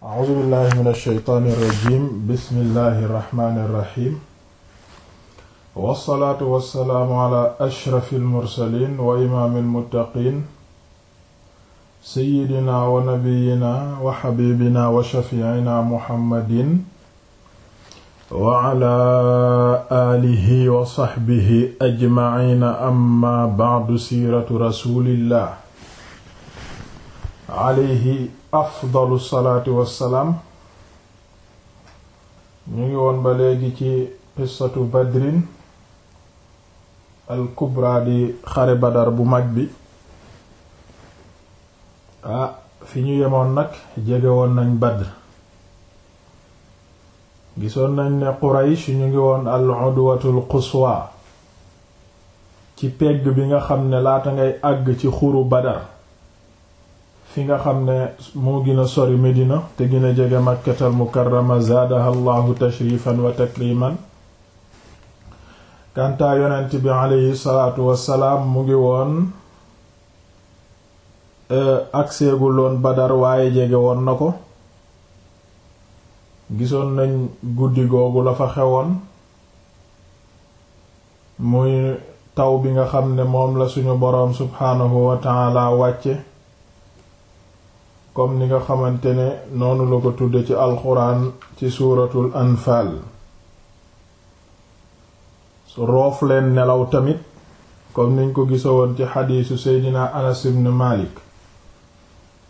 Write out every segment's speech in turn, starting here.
a'uuzu billahi min ash-shaytaani irrajim bismillahi irrahmaani irrahim wassalaatu wassalaamu ala ashrafi almursalin wa imaami almuttaqin seyidina wa nabiyina wa xabibina wa shafiina muhammadin wa ala aalihi wa saxbihi ajmaciina amma bacdu siiratu rasulillah alayhi afdalu salaatu wassalaam ñu ngi woon ba léegi ci qissatu badrin al kubra di badar bu mag bi ah fi ñu yemoon nag jege woon nañ badr gisoon nañ ne quraysh ñu ngi woon al udwatul quswa ci pegg bi nga xam ne laata ngay àgg ci xuru badar fi nga xam ne moo gën a sori Medina te gën a jege Makkatal Mukarrama zaadaha llahu tashrifan wa takriman kantaa yonent bi aleyhi salaatu wassalaam mu ngi woon eh, ak loon Badar waaye jege woon na ko gisoon nañ guddi googu la fa xewoon muy taw bi nga xam ne moom la suñu boroom subhaanahu wa taala wàcce comme ni nga xamante ne noonu la ko tuddee ci alxuraan ci suuratul anfaal roof leen nelaw tamit comme niñ ko gise woon ci xadiisu seydina anas ibn malik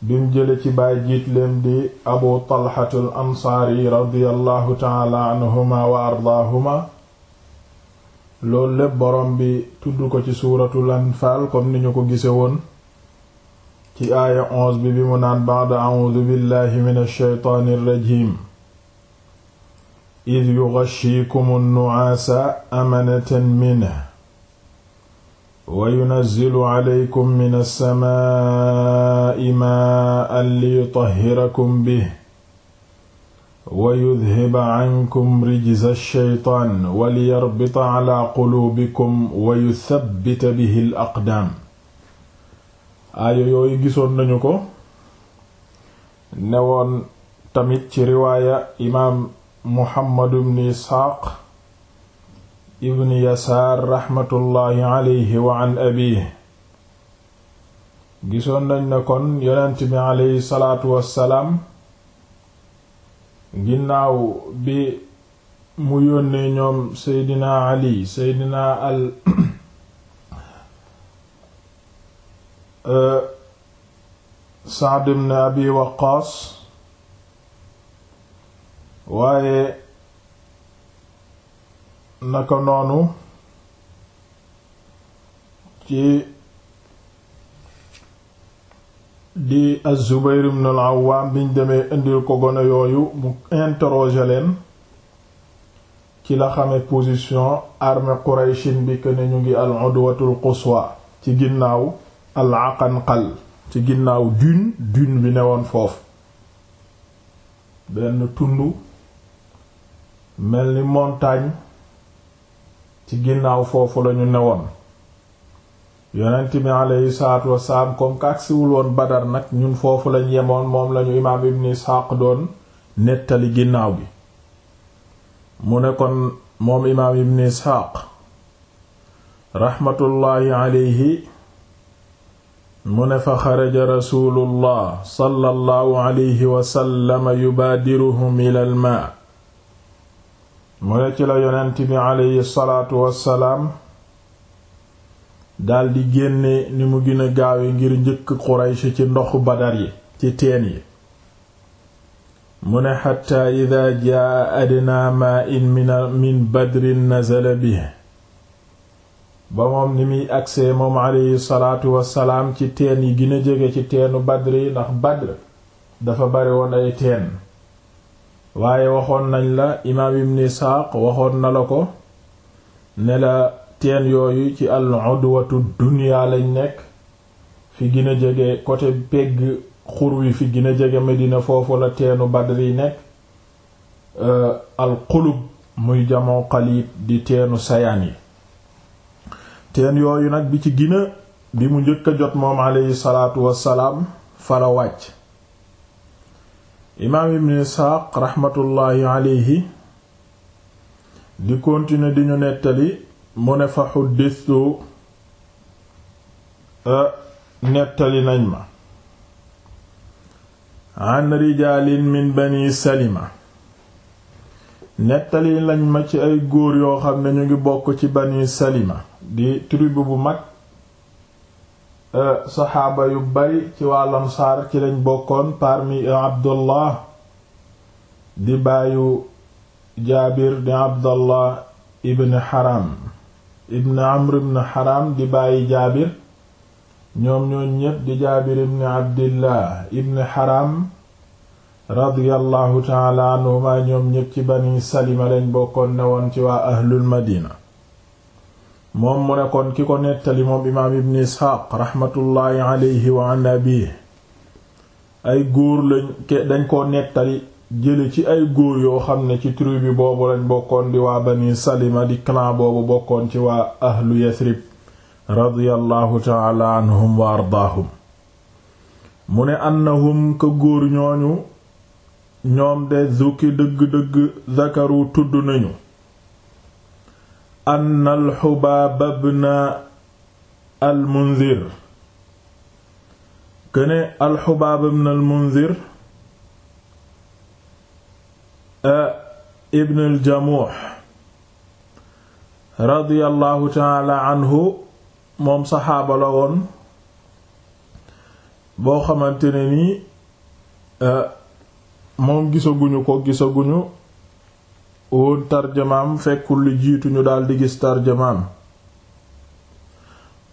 bim jële ci baajiit jiit leen di abu talxatul ansaari radiyallahu taala anhuma wa ardaahuma loolu lépp borom bi tudd ko ci suuratul anfaal comme ni ñu ko woon ci aaya onze bi bi mu naan ba'da a'uudu billahi minash shaytaanir rajiim id yughashshikum an-nu'aasa amanatan minhu wa yunazzilu alaykum minas samaa'i maa'an liyutahhirakum bihi wa yudhhiba ankum rijza ash-shaytaan wa liyarbita ala quluubikum wa yuthabbita bihi al-aqdaam aaya yooyu gisoon nañu ko newoon tamit ci riwaaya imaam muhammad ibn isxaaq ibn yasaar raxmatullaahi wa an abiihi gisoon nañ ne kon yonent bi alayhi salaatu wassalaam ginnaaw bi mu yónnee ñoom seydina ali seydina al Sa'd ibn Abi Waqqaas waaye naka noonu ci di Az-Zubayr ibn al-Awwam biñ demee indil ko gone yooyu bu interroger leen ci la xamee position armée Quraysh bi que ñu ngi al-udwatul quswa ci ginnaaw al ci ginnaaw dune dune bi newoon foofu benn tund mel ni montagne ci ginnaaw foofu lañu newoon yonent bi aleyhi salaatu wasalaam comme kàgsiwul woon badar nag ñun foofu lañ yemoon moom lañu imaam ibn Isxaaq doon nettali ginnaaw bi mu ne kon moom imaam ibn Isxaaq raxmatullaahi aleyhi mu ne fa xaraja rasulullah sallallahu alayhi wasallama yubaadiruhum ilal ma mu ne ci la yonent bi salaatu wassalaam daldi génne ni mu gën gaawe ngir njëkk Quraysh ci ndoxu Badar yi ci teen yi mu ne xatta ida jaa adnaa maa min badrin nazala bihi ba moom ni muy agsee moom aleyhi salaatu wassalaam ci teen yi gën a jege ci teenu Badr yi ndax Badr dafa bari woon ay teen waaye waxoon nañ la imaam ibn Isaaq waxoon na la ko ne la teen yooyu ci al udwatu dunya lañ nekk fi gën a jege côté pegg xur wi fi gën a jege Medina foofu la teenu Badr yi nekk euh, al qulub muy jamoo qaliib di teenu sayaan yi teen yooyu nag bi ci gina bi mu njëkk a jot moom aleyhi salaatu wassalaam fala wàcc imaam ibn isxaaq raxmatullaahi aleyhi di continuer di ñu nettali mu ne fa xuddistu nettali nañ ma an rijaalin min bani salima nettali nañ ma ci ay góor yoo xam ne ñu ngi bokk ci bani salima di tribu bu mag euh, saxaaba yu bari ci waa Ansaar ci lañ bokkoon parmi Abdullah di bàyyi Jaabir di Abdallah ibn Haram ibn Amr ibn Haram di baayu Jaabir ñoom ñoo ñépp di Jaabir ibn Abdillah ibn Haram radiyallahu ta'ala anhuma ñoom ñépp ci Bani Salima lañ bokkoon ne ci waa ahlul Madina moom mu ne kon ki ko nettali moom imaam ibn isxaaq raxmatullaahi aleyhi wa an abiih ay góor lañ ke dañ ko nettali jële ci ay góor yoo xam ne ci tribu boobu lañ bokkoon di waa bani salima di clan boobu bokkoon ci waa ahlu yasrib radiyallahu taala anhum wa ardaahum mu ne annahum ka góor ñooñu ñoom de zukki dëgg-dëgg zakaru tudd nañu an alxubaab bna almundir këne alxubaab moom saxaaba la woon boo xamante ni nii moom gisaguñu ko gisaguñu óot tarjamaam fekkul lu jiitu ñu daldi gis tarjamaam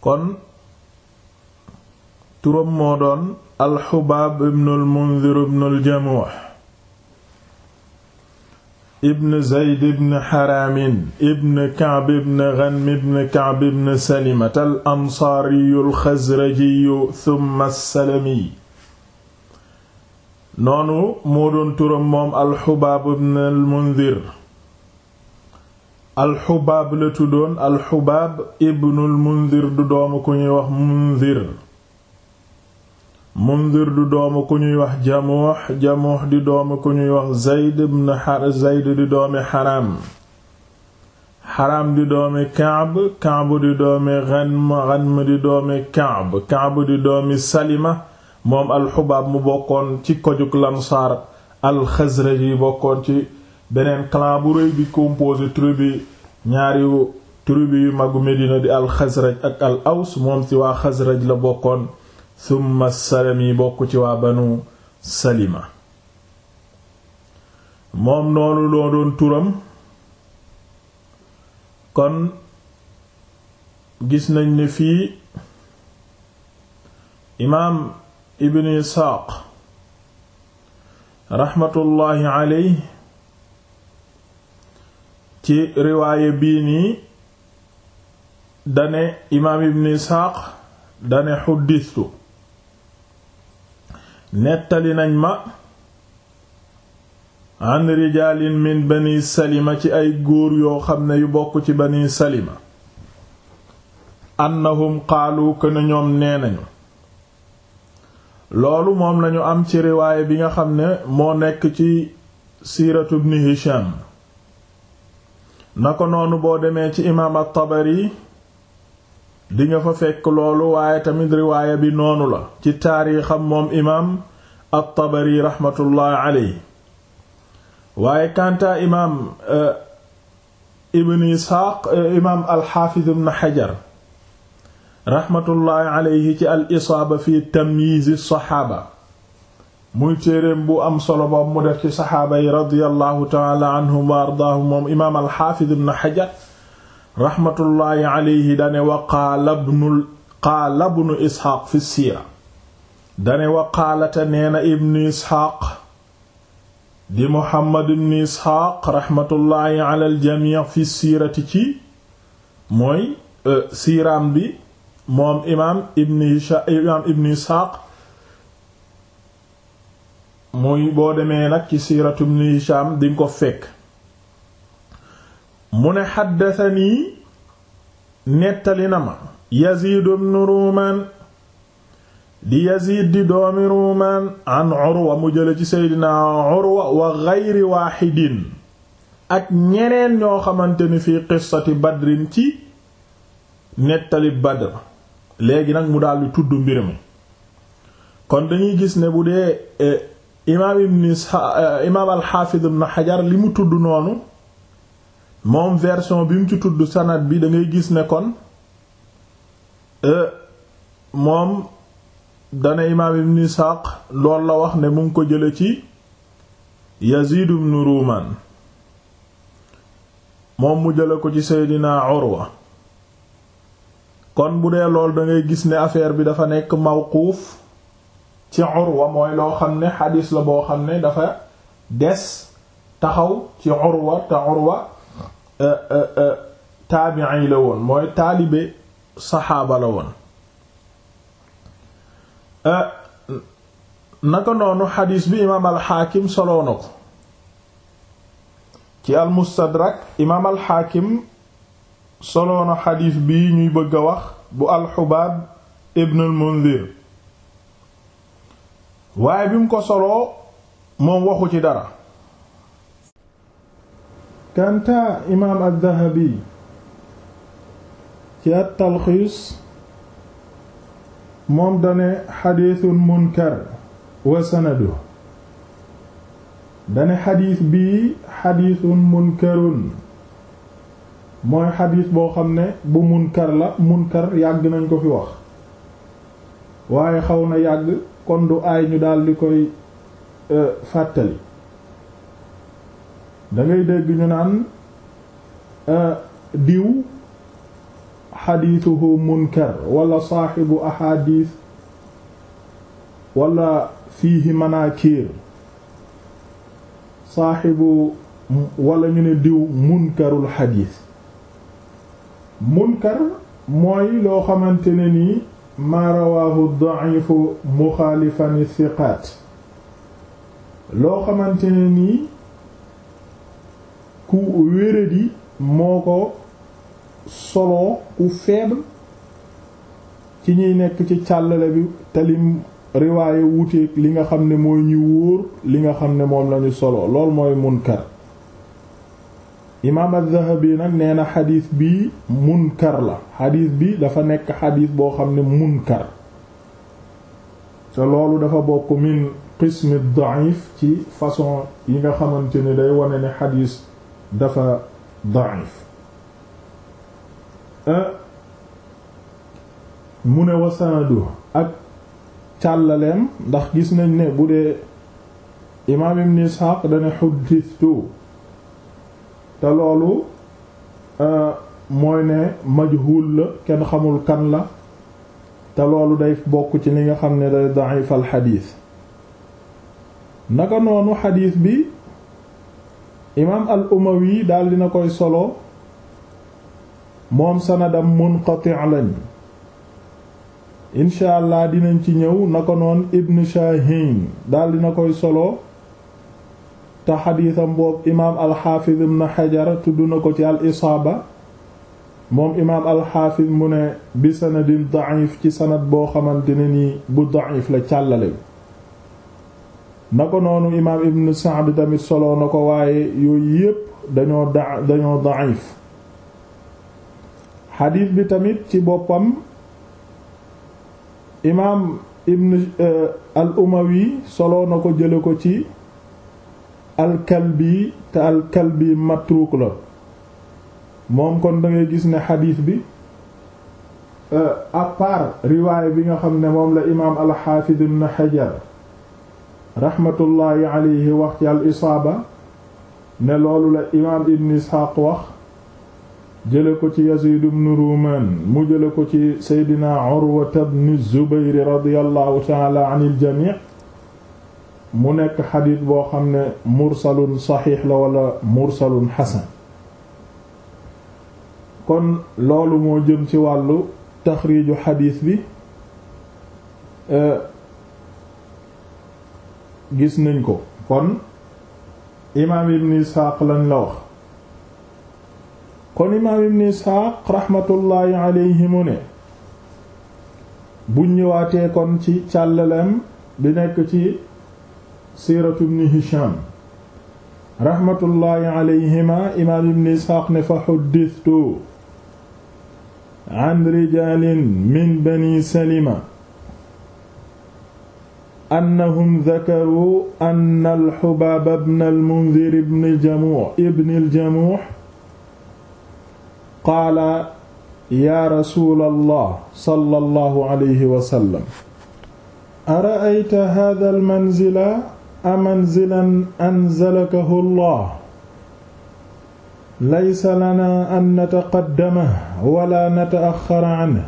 kon turam moo doon alxubaab ibnul mundir ibnul jamuux ibn zeyd ibn xaraamin ibn kaab ibn ganm ibn kaab ibn salimata al ansaariyu thumma salamiy noonu moo doon turam moom alxubaab ibnul mundir alxubaab la tuddoon alxubaab ibnul mundir du doomu ku ñuy wax mundir mundir du doomu ku ñuy wax jamuux jamuux di doomu ku ñuy wax zayd ibn xar zayd di doomi xaram xaram di doomi kaab kaab di doomi salima moom alxubaab mu bokkoon ci kojug lansaar alxasraji bokkoon ci beneen clan bu rëy bi composé tribu ñaari tribu yu magu Medina di al Xasraj ak al moom ci waa Xasraj la bokkoon summa Salami bokk ci waa Banu Salima moom noonu loo doon turam kon gis nañ ni fii imaam Ibn Isxaaq raxmatullaahi alayhi ci riwaaye bii nii dane imaam ibn isxaaq dane xuddistu nettali nañ ma an rijaalin min bani salima ci ay góor yoo xam ne yu bokk ci bani salima annahum qaalu kana ñoom nee nañu loolu moom lañu am ci riwaaye bi nga xam ne moo nekk ci siiratu ibn hisham na ko noonu boo demee ci imaam at-Tabari di nga fa fekk loolu waaye tamit riwaaya bi noonu la ci taarixam moom imaam at-Tabari raxmatullaahi alayhi waaye kantaa imaam eh, ibn Isxaaq eh, imaam al-Xaafiz ibn Xajar raxmatullaahi alayhi ci al-Isaaba fi tamyiiz saxaaba muy téereem bu am solo boobu mu def ci saxaaba yi radiyallahu taala anhum wa ardaahum moom imaam alxaafid ibn xajar raxmatullaahi alayhi dane wa qaala ibnu qaala fi siira dane wa qaalata neena ibnu isxaaq di muhammad ibnu isxaaq raxmatullaahi ala aljamic fi siirati ci mooy euh, siiraam bi moom imaam ibnu isxaaq muy boo demee nag ci siiratu ibn Hisham ko fekk mu ne xaddatanii nettali na ma Yaziid ibn di Yaziid di doomi Ruumaan mu jële ci Seydina Urwa ak ñeneen ñoo xamante ni fii qissati badrin ci nettali Badr léegi nag mu daldi tudd mbir mi kon dañuy gis ne bu dee eh, imaam ibn euh, imaam al li mu tudd noonu moom version bi mu ci tudd sanad bi da ngay gis ne kon euh, moom dana imaam ibn Ishaq la wax ne mu ngi ko jële ci Yazid ibn Ruman moom mu jële ko ci Seydina Urwa kon bu dee lool dangay gis ne affaire bi dafa nekk mawquuf ci urwa mooy loo xam ne xadis la boo xam ne dafa des taxaw ci urwa te urwa euh, euh, euh, taabi'i la woon mooy taalibe saxaaba la woon naka noonu xadiis bi imaam alxaakim soloo ko ci almustadrak imaam alxaakim soloo na bi ñuy bëgg a wax bu alxubaab ibn almundir waaye bi mu ko soloo moom waxu ci dara kanta imaam ad-Dahabi ci at-Talxiis moom dane xadiisun munkar wa sanadu dane xadiis bii xadiisun munkarun mooy xadiis boo xam ne bu munkar la munkar yàgg nañ ko fi wax waaye xaw na yàgg kon du aay ñu daal di koy e, fàttali da ngay dégg ñu naan e, diw xadiituhu munkar walla saaxibu axaadiis wala fiihi manaakir saaxibu wala ñu ne diw munkarul xadiis munkar mooy loo xamante ne nii maa rawaahu daifu muxaalifani thiqaat loo xamante ne nii ku wéradi moo ko soloo ku faible ci ñuy nekk ci càllale bi talim riwaaye wuteeg li nga xam ne mooy ñu wóor li nga xam ne moom lañu solo lool mooy munkar imaam az nag nee na xadiis bi munkar la xadis bi dafa nekk xadis boo xam ne munkar te loolu dafa bokk min qismi daif ci façon yi nga xamante ni day wane ne xadis dafa daif mu ne wasanadu ak càllaleem ndax gis nañ ne bu dee imaam ibn Isxaaq dana xuddistu te loolu euh, mooy ne majhul la kenn xamul kan la te loolu day bokk ci li nga xam ne day da'if al xadiis naka noonu xadiis bi imaam al umawi daal na koy solo moom sanadam munqati' lañ incha allah dinañ ci ñëw naka noon ibn Shahin daal dina koy solo te xadiisam boobu imaam alxaafiz ibn xajar tudd na ko ci al isaaba moom imaam alxaafiz mu ne bi sanadin daif ci sanad boo xamante ni nii bu daif la càllale na ko noonu imaam ibn Sa'd tamit solo na ko waaye yooyu yépp dañoo da dañoo bi tamit ci boppam imaam ibn euh, al umawi solo na ko jële ko ci alkalbi te alkalbi matruuk la moom kon da gis ne xadiis bi euh, à riwaay bi nga xam ne moom la imaam alxaafid ibn xajar raxmatullaahi wax ci al ne loolu la imaam ibn isxaaq wax jële ko ci yaziid ibn ruumaan mu jële ko ci seydina urwata ibn zubayr radiyallaahu taala an il jamii mu nekk xadiis boo xam ne mursalun saxiix la wala mursalun xasan kon loolu moo jëm ci wàllu taxriiju xadiis bi euh, gis nañ ko kon imaam ibn isxaaq lañ la wax kon imaam ibn isxaaq raxmatullaahi alayhi mu ne bu ñëwaatee kon ci càllaleem bi nekk ci siiratu ibn Hisham rahmatullahi alayhima imaam ibn Isxaaq ne fa xuddistu an rijaalin min bani Salima annahum dakaruu anna al-Hubaab ibn al-Munzir ibn Jamuux ibn al-Jamuux qaala yaa rasuulallah sallallahu alayhi wa sallam ara'ayta haadha al-manzila amanzilan anzalakahu allah laysa lana an nataqaddama wala nataaxara anhu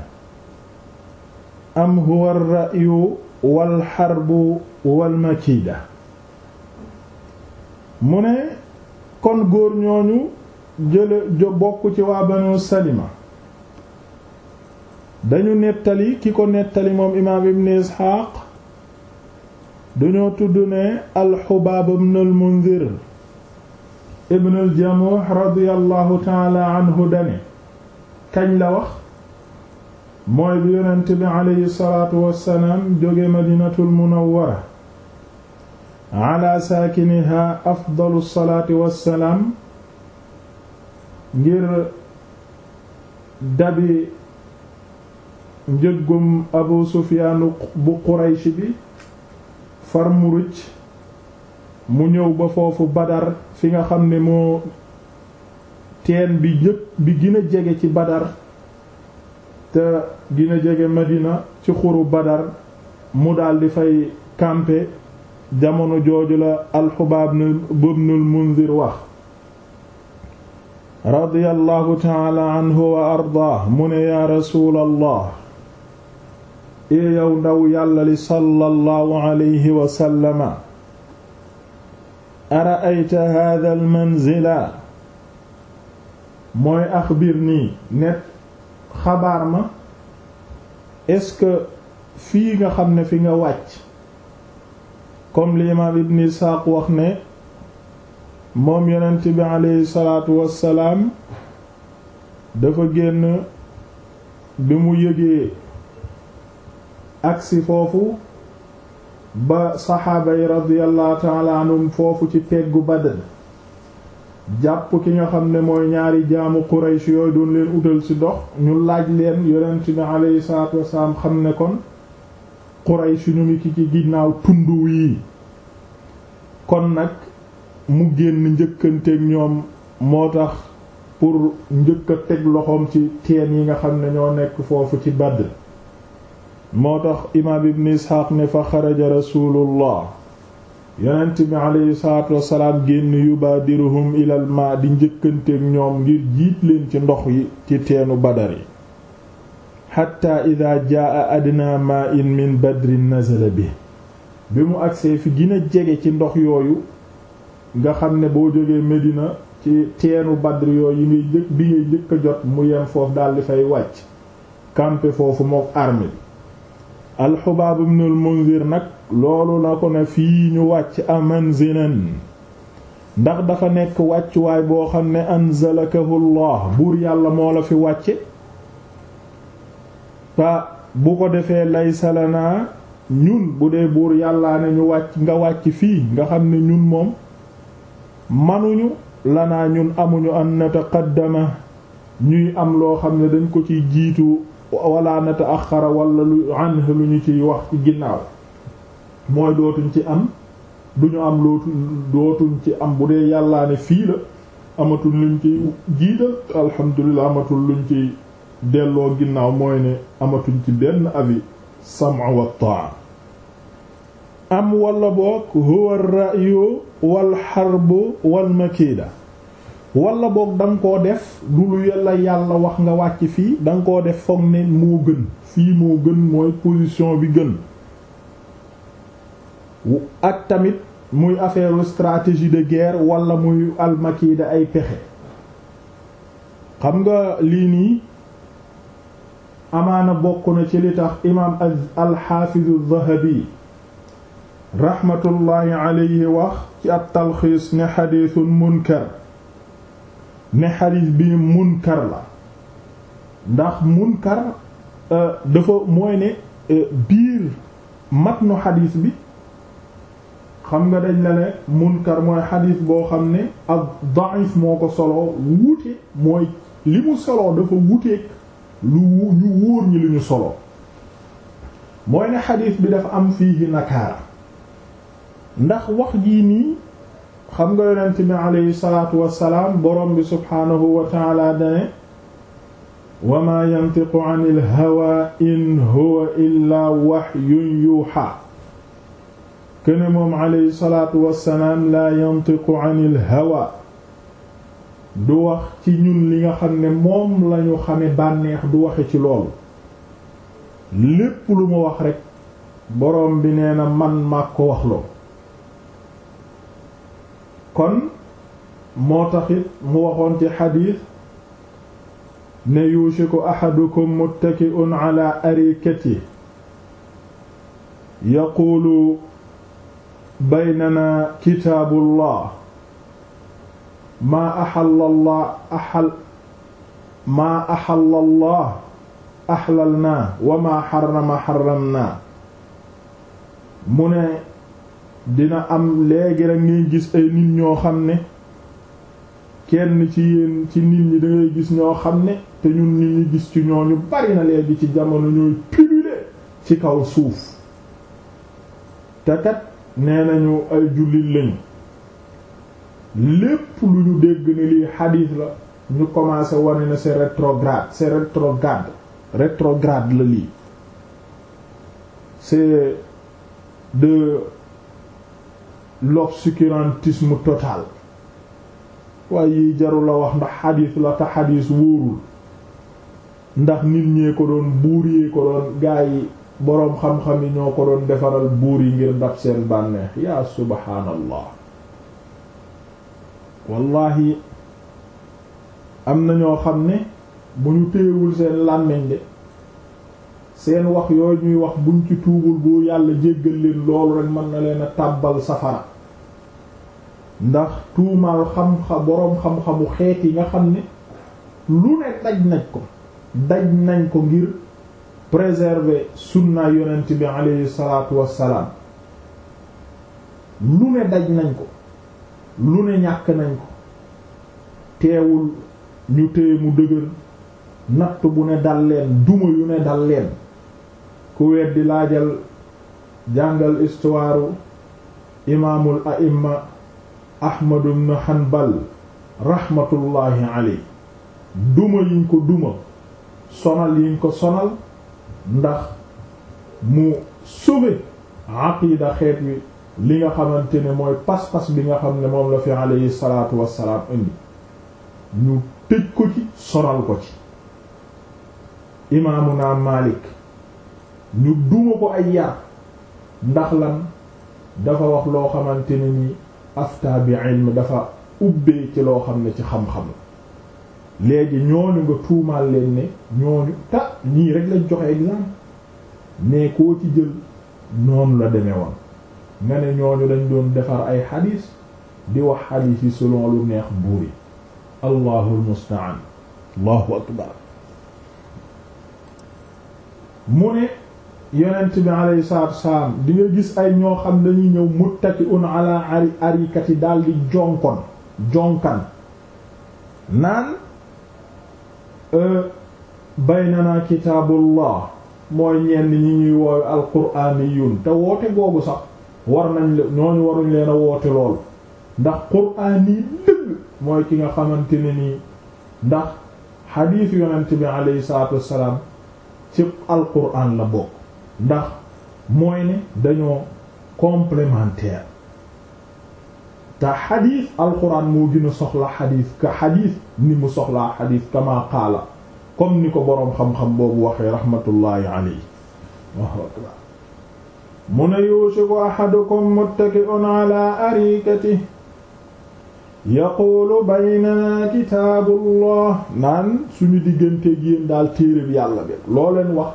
am huwa ar-ra'yu wal xarbu wal mu ne kon góor ñooñu jële bokk ci waa banu salima dañu nettali ki ko nettali moom imaam ibn isxaaq dañoo tudd ne alxubaab ibn al mundir ibn al jamuux radiyallahu taala anhu dane kañ la wax mooy bi yonent bi aleyhi salaatu wassalaam jóge madinatul munawwara ala saakiniha afdalu salaati wassalaam ngir dabi njëggum abu sufyaanu bu quraysh bi far mu mu ñëw ba foofu badar fi nga xam ni moo teen bi jëkk bi gën jege ci badar te gën a jege madina ci xuru badar mu daldi fay camper jamono jooju la alxubaab ibnul munzir wax radiyallahu taala anhu wa ardaah mu ne yaa rasuulallah ee yow ndaw yàlla li sallallahu alayhi wa sallama ara'ayta manzila mooy axbir nii net xabaar ma est-ce fii nga xam ne fi nga wàcc comme li imaam ibn Isaaq wax ne moom yonent bi aleyhi salaatu wassalaam dafa génn bi mu yëgee agsi foofu ba saxaaba yi radiyallahu ta'ala foofu ci peggu Badr jàpp ki nga xam ne mooy ñaari jaamu Quraysh yooyu doon leen utal ci dox ñu laaj leen yonent bi alayhi salaatu wasalaam xam ne kon Quraysh ñu ngi ki ci ginnaaw tund wii kon nag mu génn njëkkanteeg ñoom moo tax pour njëkk teg loxoom ci teen yi nga xam ne ñoo nekk foofu ci Badr moo tax imaam ibn isxaaq ne fa xaraja rasulullah yonent bi aleyhi salaatu wasalaam génn yubaadiruhum ilal ma di njëkkanteeg ñoom ngir jiit leen ci ndox yi ci teenu badar yi xatta ida jaa adna ma in min badrin nazala bi bi mu agsee fi gën a jege ci ndox yooyu nga xam ne boo jógee Medina ci teenu Badr yooyu ngay jëkk bi ngay jëkk jot mu yem foofu daldi fay wàcc campe foofu mook armée bi alxubaab ibn al nag loolu na ko ne fii ñu wàcc amanzilan ndax dafa nekk wàccuwaay boo xam ne anzalakahu buur yàlla moo la fi wàcce ta bu ko defee laysa naa ñun bu dee buur yàlla ne ñu wàcc nga wàcc fii nga xam ne ñun moom manuñu lanaa ñun amuñu an nataqaddama ñuy am loo xam ne dañ ko ci jiitu wala nataaxara wala lu lu ñu ci wax ci ginnaaw mooy dootuñ ci am duñu am lootu dootuñ ci am bu dee yàllaa ne fii la amatul luñ ci jiital alhamdulilah amatul luñ ci delloo ginnaaw mooy ne amatuñ ci benn avis sam'a wa ta'a am wala boog huwa ar-ra'yu wal harbu wal wala boog da koo def du lu yàlla yàlla wax nga wàcc fii da koo def foog ne moo gën fii moo gën mooy position bi gën ak tamit muy affaire stratégie de guerre walla muy almakida ay pexe xam nga lii nii amaana bokk na ci li tax imaam alxaafizu zahabi rahmatullahi alayhi wax ci ab talxiis ne xadiisun munkar ne xadis bi munkar la ndax munkar euh, dafa mooy ne euh, biir nu xadis bi xam nga dañ la ne munkar mooy xadis boo xam ne ak da'if moo ko soloo wuute mooy li mu soloo dafa wuuteeg lu ñu wóor ñi li ñu soloo mooy ne xadis bi dafa am fii nakaara ndax wax jii nii xam nga yonent bi aleyhi salaatu wassalaam borom bi subhaanahu wa taala dane wa maa yantiqu anil hawaa in huwa illaa wahyun yuuhaa kene moom aleyhi salaatu wassalaam laa yantiqu anil hawaa du wax ci ñun li nga xam ne moom lañu xami bànneex du waxe ci loolu lépp lu mu wax rekk boroom bi nee na man maa ko wax loo kon moo taxit mu waxoon ci xadiis ne yuushiku ahadukum muttaki'un ala arikati yaquulu baynana kitaabullah maa axalla allah axal maa axalla allah axlalnaa wa maa xarrama xarramnaa mu ne dina am léegi rek ngay gis ay nit ñoo xam ne kenn ci yéen ci nit ñi dangay gis ñoo xam ne te ñun nit ñi gis ci ñooñu bari na léegi ci jamono ñooy pullule ci kaw suuf te kat nee nañu ay jullit lañu lépp lu ñu dégg ni lii xadiis la ñu commencé wane na c'est rétrograde c'est rétrograde rétrograde la lii c'est de l'obscurantisme total waaye yiy jaru la wax ndax xadiis la te xadiis wóorul ndax nit ñee ko doon buur yee ko doon gaa yi boroom xam-xam yi ñoo ko doon defaral buur yi ngir ndab seen bànneex yaa subhaanallah wallahi am na ñoo xam ne bu ñu téewul seen làmmiñ de seen wax yooyu ñuy wax buñ ci tuubul boo yàlla jéggal leen loolu rek mën na leen a tàbbal safara ndax tuumaal xam-xam boroom xam-xamu xeet yi nga xam ni lu ne daj nañ ko daj nañ ko ngir préserver sunna yonent bi alayhi salaatu wassalaam lu ne daj nañ ko lu ne ñàkk nañ ko teewul ñu téye mu dëgër natt bu ne dal leen duma yu ne dal leen ku weddi laajal jàngal istuwaaru imaamul a'imma ahmadu ibn hanbal rahmatullahi aley duma yiñ ko duma sonal yiñ ko sonal ndax mu sauver aqida xeet wi li nga xamante ne mooy pas-pas bi nga xam ne moom la fi aleyhi salatu indi ñu tëj ko ci sonal ko ci imaamuna malik ñu duma ko ay yar ndax lan dafa wax loo xamante ne ni afta bi ilm dafa ubbee ci loo xam ne ci xam-xam léegi ñooñu nga tuumaal leen ne ñooñu ta ñii rek lañ joxe exemple mais koo ci jël noonu la deme woon nga ne ñooñu dañ doon defar ay xadiis di wax xadiis yi selon lu neex buur yi allahu almustaan allahu akbar yonent bi alayhi salaatu wassalaam di nga gis ay ñoo xam dañuy ñëw muttaki'un ala ari arikati daal di jonkon jonkan naan euh, baynana kitaabullah mooy ñenn ñi ñuy woowe alquraaniyun te woote googu sax war nañ le ñooñu waruñ leen woote lool ndax quraan yi dëgg mooy ki nga xamante ne nii ndax xadiis yonent bi alayhi salaatu wassalaam ci alquraan la bokk ndax mooy ne dañoo complémentaire te xadiis alquran moo gën soxla xadiis ka xadiis ni mu soxlaa xadiis kama qaala comme ni ko boroom xam-xam boobu waxee rahmatullahi alayhi mu ne yuushiku ahadukum muttaki'un ala arikati yaquulu baynanaa kitaabullah naan suñu diggante yéen daal téere yàlla bi loo wax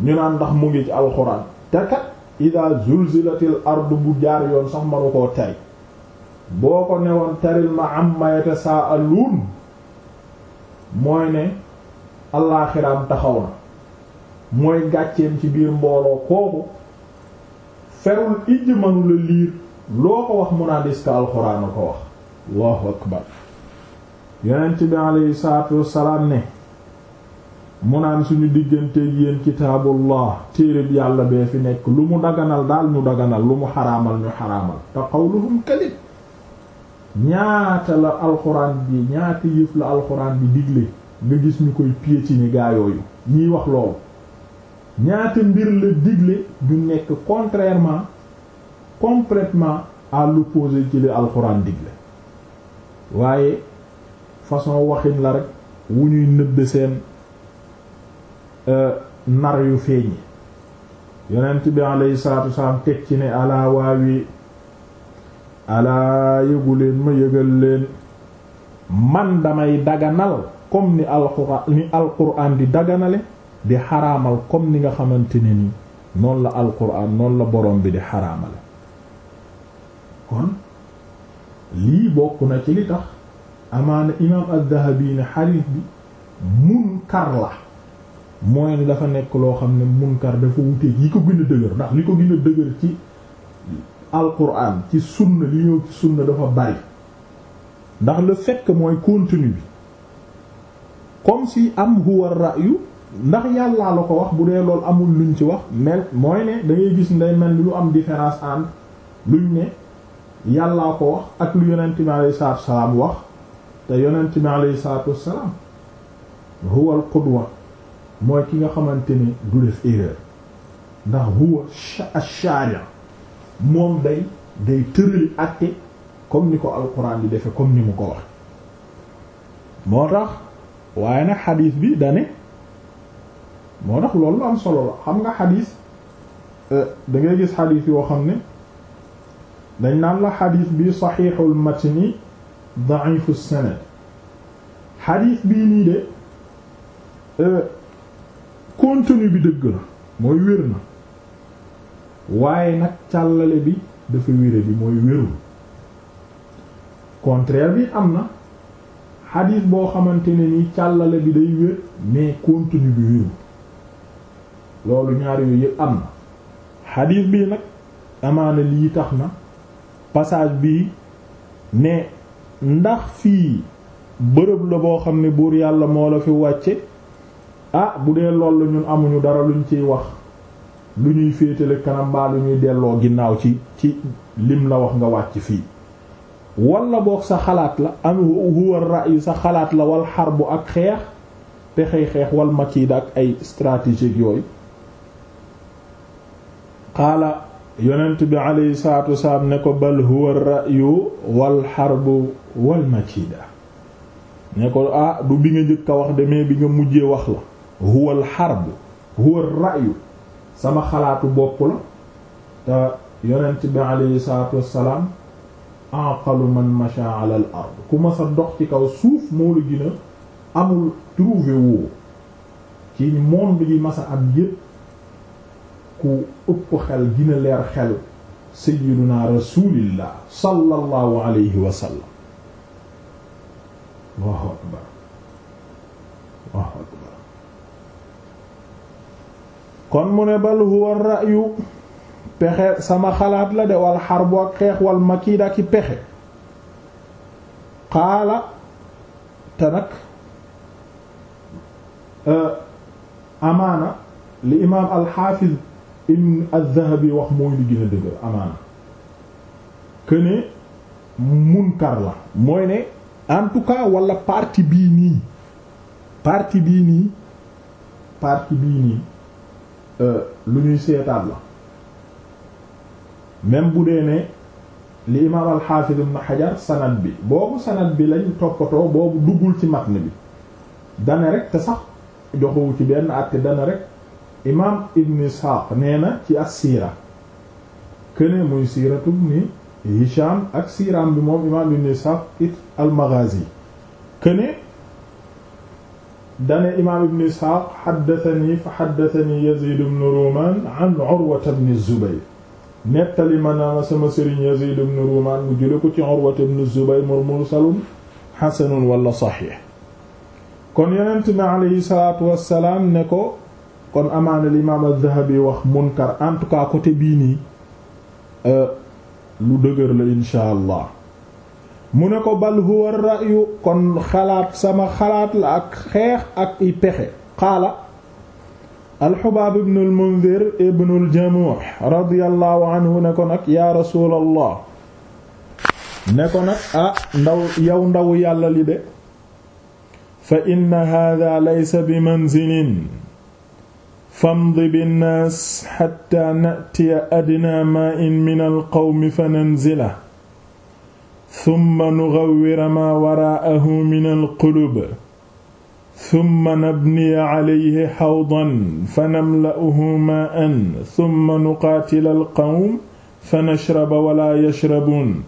ñu naan ndax mu ngi ci alxuraan te kat ida zulzilatil ardu bu jaar yoon sax manu koo tari boo ko newoon taril ma am mayata saa aluun mooy ne allaaxiraam taxaw na mooy gàcceem ci biir mbooloo kooku ferul ijj manu la liir loo ko wax mu naan est-ce ko wax allahu akbar yonent bi aleyhi ne mu naan suñu digganteeg yéen kitaabullah téereb yàlla bee fi nekk lu mu daganal daal ñu daganal lu mu xaraamal ñu xaraamal te qawluhum kalim ñaata la alxuraan bi ñaata yëf la alxuraan bi digle nga gis ñu koy piétiner gaa yooyu ñiy wax loolu ñaata mbir la digle du nekk contrairement complètement à l'opposé ci li alxuraan digle waaye façon waxin la rek wu ñuy nëbb seen Euh, nar yu feeñi yonent bi alayhi salaatu wasalaam teg ci ne alaa waawi alaa yëgu ma yégal leen man damay daganal comme ni alquraan ni alquraan di daganale di xaraamal comme ni nga xamante ne ni noonu la alquraan noonu la borom bi di xaraamale kon lii bokk na ci li tax amaana imaam ad-Dhahabi ne xadiis bi munkar la mooy ni dafa nekk loo xam ne munkar dafa wuteeg yi ko gën a dëgër ndax li ko gën a dëgër ci alquran ci sunna li ñëw ci sunna dafa bari ndax le fait mooy contenu bi comme si am huwa ra'yu ndax yàllaa la ko wax bu dee lool amul luñ ci wax mel mooy ne da gis nday mel ni lu am différence entre luñ ne yàllaa ko wax ak lu yonent bi alayhi salaatu salaam wax te yonent bi alayhi salaatu wa salaam huwa mooy ki nga xamante ne du def erreur ndax huwa ash-shari' moom day day tërali àtte comme ni ko alquran di defe comme ni mu ko wax moo tax waaye nag xadiis bi dane moo tax loolu lu am solo la xam nga xadiis euh, da ngay gis xadiis yoo xam ne dañ naan la xadiis bi saxiixul matni da'ifus sanad xadiis bii nii de euh, contenu bi dëgg la mooy wér na waaye nag càllale bi dafa wére bi mooy wérul contraire bi am na xadiis boo xamante ne ni càllale bi day wér mais contenu bi wérul loolu ñaar yooyu yëpp am na xadiis bii nag amaana lii tax na passage bii ne ndax fii bërëb la boo xam ne buur yàlla moo la fi wàcce ah bu dee loolu ñun amuñu dara luñ ci wax lu ñuy féetale kanam baa ñuy delloo ginnaaw ci ci lim la wax nga wàcc fii wala boog sa xalaat la am huwa ra'yu sa xalaat la wal xarbu ak xeex pexey xeex wal makiida ak ay stratégie yooyu qaala yonent bi alayhi salaatu wasalaam ne ko bal huwa ra'yu wal xarbu wal makiida ne ko ah du bi nga njëkk a wax de bi nga mujjee wax la huwa alxarbu huwa rayu sama xalaatu bopp la te yonent bi alayhi salaatu wassalaam aqalu man masha ala al ard ku ma sa dox ci kaw suuf moo la gën a amul trouvé woo ci monde yi masa am yépp ku ëpp xel gën a leer xel sayyiduna rasulillah sallallahu alayhi wa sallam allahu akbar allahu akbar kon mu ne bal huwa ra'yu pexe sama xalaat la de wal xarbu ak xeex wal makiida ki pexe xaala te nag euh, amaana li imaam alxaafiz ibn az wax mooy li gën dëgër amaana que ne munkar la mooy ne en tout cas wala partie bii nii parti bii nii partie bii nii Euh, lu ñuy seetaat la même bu dee ne li imaam al-Hafiz ibn Hajar sanad bi boobu sanad bi lañ toppatoo boobu duggul ci matn bi dana rek te sax joxowu ci benn àtte dana rek imaam Ibn Ishaq nee na ci as-siira këne muy siiratu ni Hisham ak siiraam bi moom imaam Ibn Ishaq it al këne dane imaam ibn isxaaq xaddatani fa xaddatani yazid ibn ruumaan an urwata ibn zubayr nettali ma naa sama sëriñ yazid ibn ruumaan mu jule ko ci urwata ibn zubayr mur mursalun xasanun wala saxiix kon yonent mi aleyhi salaatu wassalaam ne ko kon amaana li imaam az-zahabi wax munkar en tout cas côté bii nii euh, lu dëgër la insha allah mu ne ko bal huwa ra'yu kon xalaat sama xalaat la ak xeex ak i pexe qaala alxubaab ibn almundir ibn aljamuux radiyallahu anhu ne ko nag yaa rasuulallah ne ko nag ah ndaw yow ndaw yàlla li de fa inna haadaa laysa bi manzilin famdi binnaas xatta na'tiya adnaa maa'in min alqawmi fa nanzilahu summa nugawwira maa waraa'ahu min alqulub summa nabniya calayhi xawdan fanamla'uhu maa'an summa nuqaatila alqawm fanashraba wala yashrabuun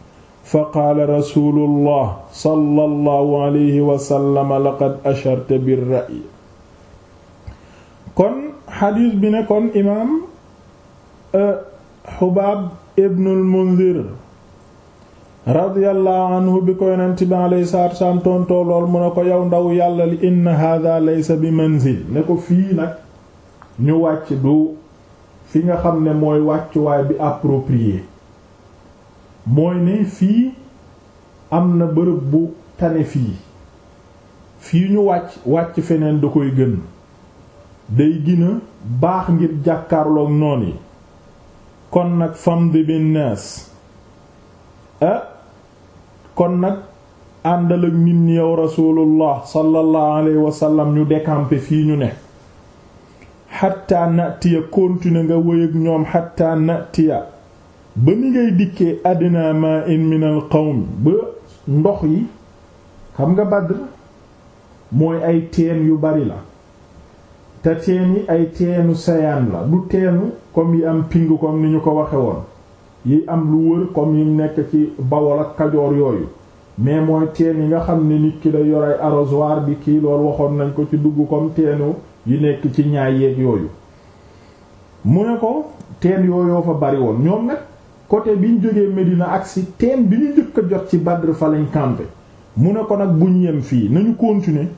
faqaala rasuulullah sallallahu alayhi wa sallam laqad asharta birra'yi kon xadiis bi ne kon imaam Xubaab eh, ibnul Munzir radiyallahu anhu bi ko yonent bi alayhi salaatu salaam mu ne ko yow ndaw yàlla li inna hadha laysa bi manzil ne ko fii nag ñu wàcc du fi nga xam ne mooy wàccuwaay bi approprié mooy ne fii am na bërëb bu tane fii fii ñu wàcc wàcc feneen da koy gën day gina baax ngir jàkkaarloog noon yi kon nag famdi bin nas ah kon nag àndal ak nit ñi yow rasulullah sallallahu alayhi wa ñu décamper fii ñu ne xatta natiya continuer nga wëy ak ñoom xatta natiya ba ni ngay dikkee adna ma in min al qawm ndox yi xam nga Badr mooy ay teen yu bari la te teen yi ay teenu sayaan la du teenu comme yi am ping comme ni ñu ko waxe woon yi am lu wër comme yi nekk ci Bawol ak Kajoor yooyu mais mooy teen yi nga xam ni nit ki da yor ay bi kii lool waxoon nañ ko ci dugg comme teenu yi nekk ci ñaay yeeg yooyu mu ne ko teen yooyoo fa bari woon ñoom nag côté bi ñu jógee Medina ak si teen bi ñu njëkk jot ci Badr fa lañ mu ne ko nag buñ yem fii nañu continuer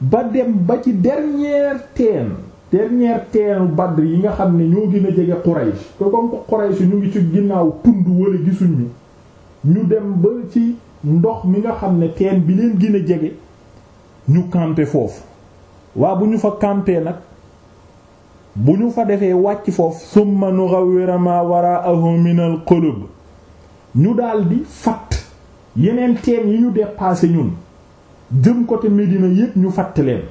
ba dem ba ci dernière teen dernière teeru Badr yi nga xam ne ñoo gën a jege Quraysh te comme Quraysh ñu ngi ci ginnaaw tund wala gisuñu ñu dem ba ci ndox mi nga xam ne teen bi leen gën a jege ñu camper foofu waa bu ñu fa camper nag bu ñu fa defee wàcc foofu summa nughawwira ma wara'ahu min al qulub ñu daldi fatt yeneen teen yi ñu dépassé ñun jëm côté Médina yépp ñu fatt leen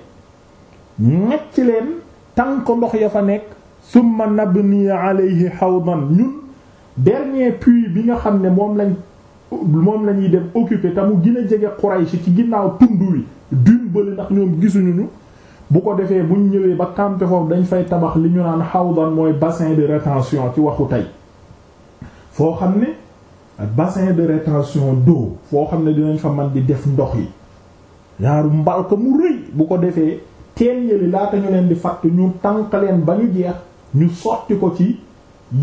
ñecc leen tànk ndox ya fa nekk summa a alayhi hawdan ñun dernier puits bi nga xam ne moom lañ moom la ñuy dem occuper te mu gën a jege Quraysh ci ginnaaw tund wi dune bële ndax ñoom gisuñu ñu bu ko defee buñ ñëwee ba campé foofu dañ fay tabax liñu ñu naan hawdan mooy bassin de rétention ci waxu tey foo xam ne bassin de rétention d'eau foo xam ne dinañ fa man di def ndox yi yaaru mbal mu rëy bu ko defee teen yële laata ñu leen di fatt ñu tànq ba ñu jeex ñu sotti ko ci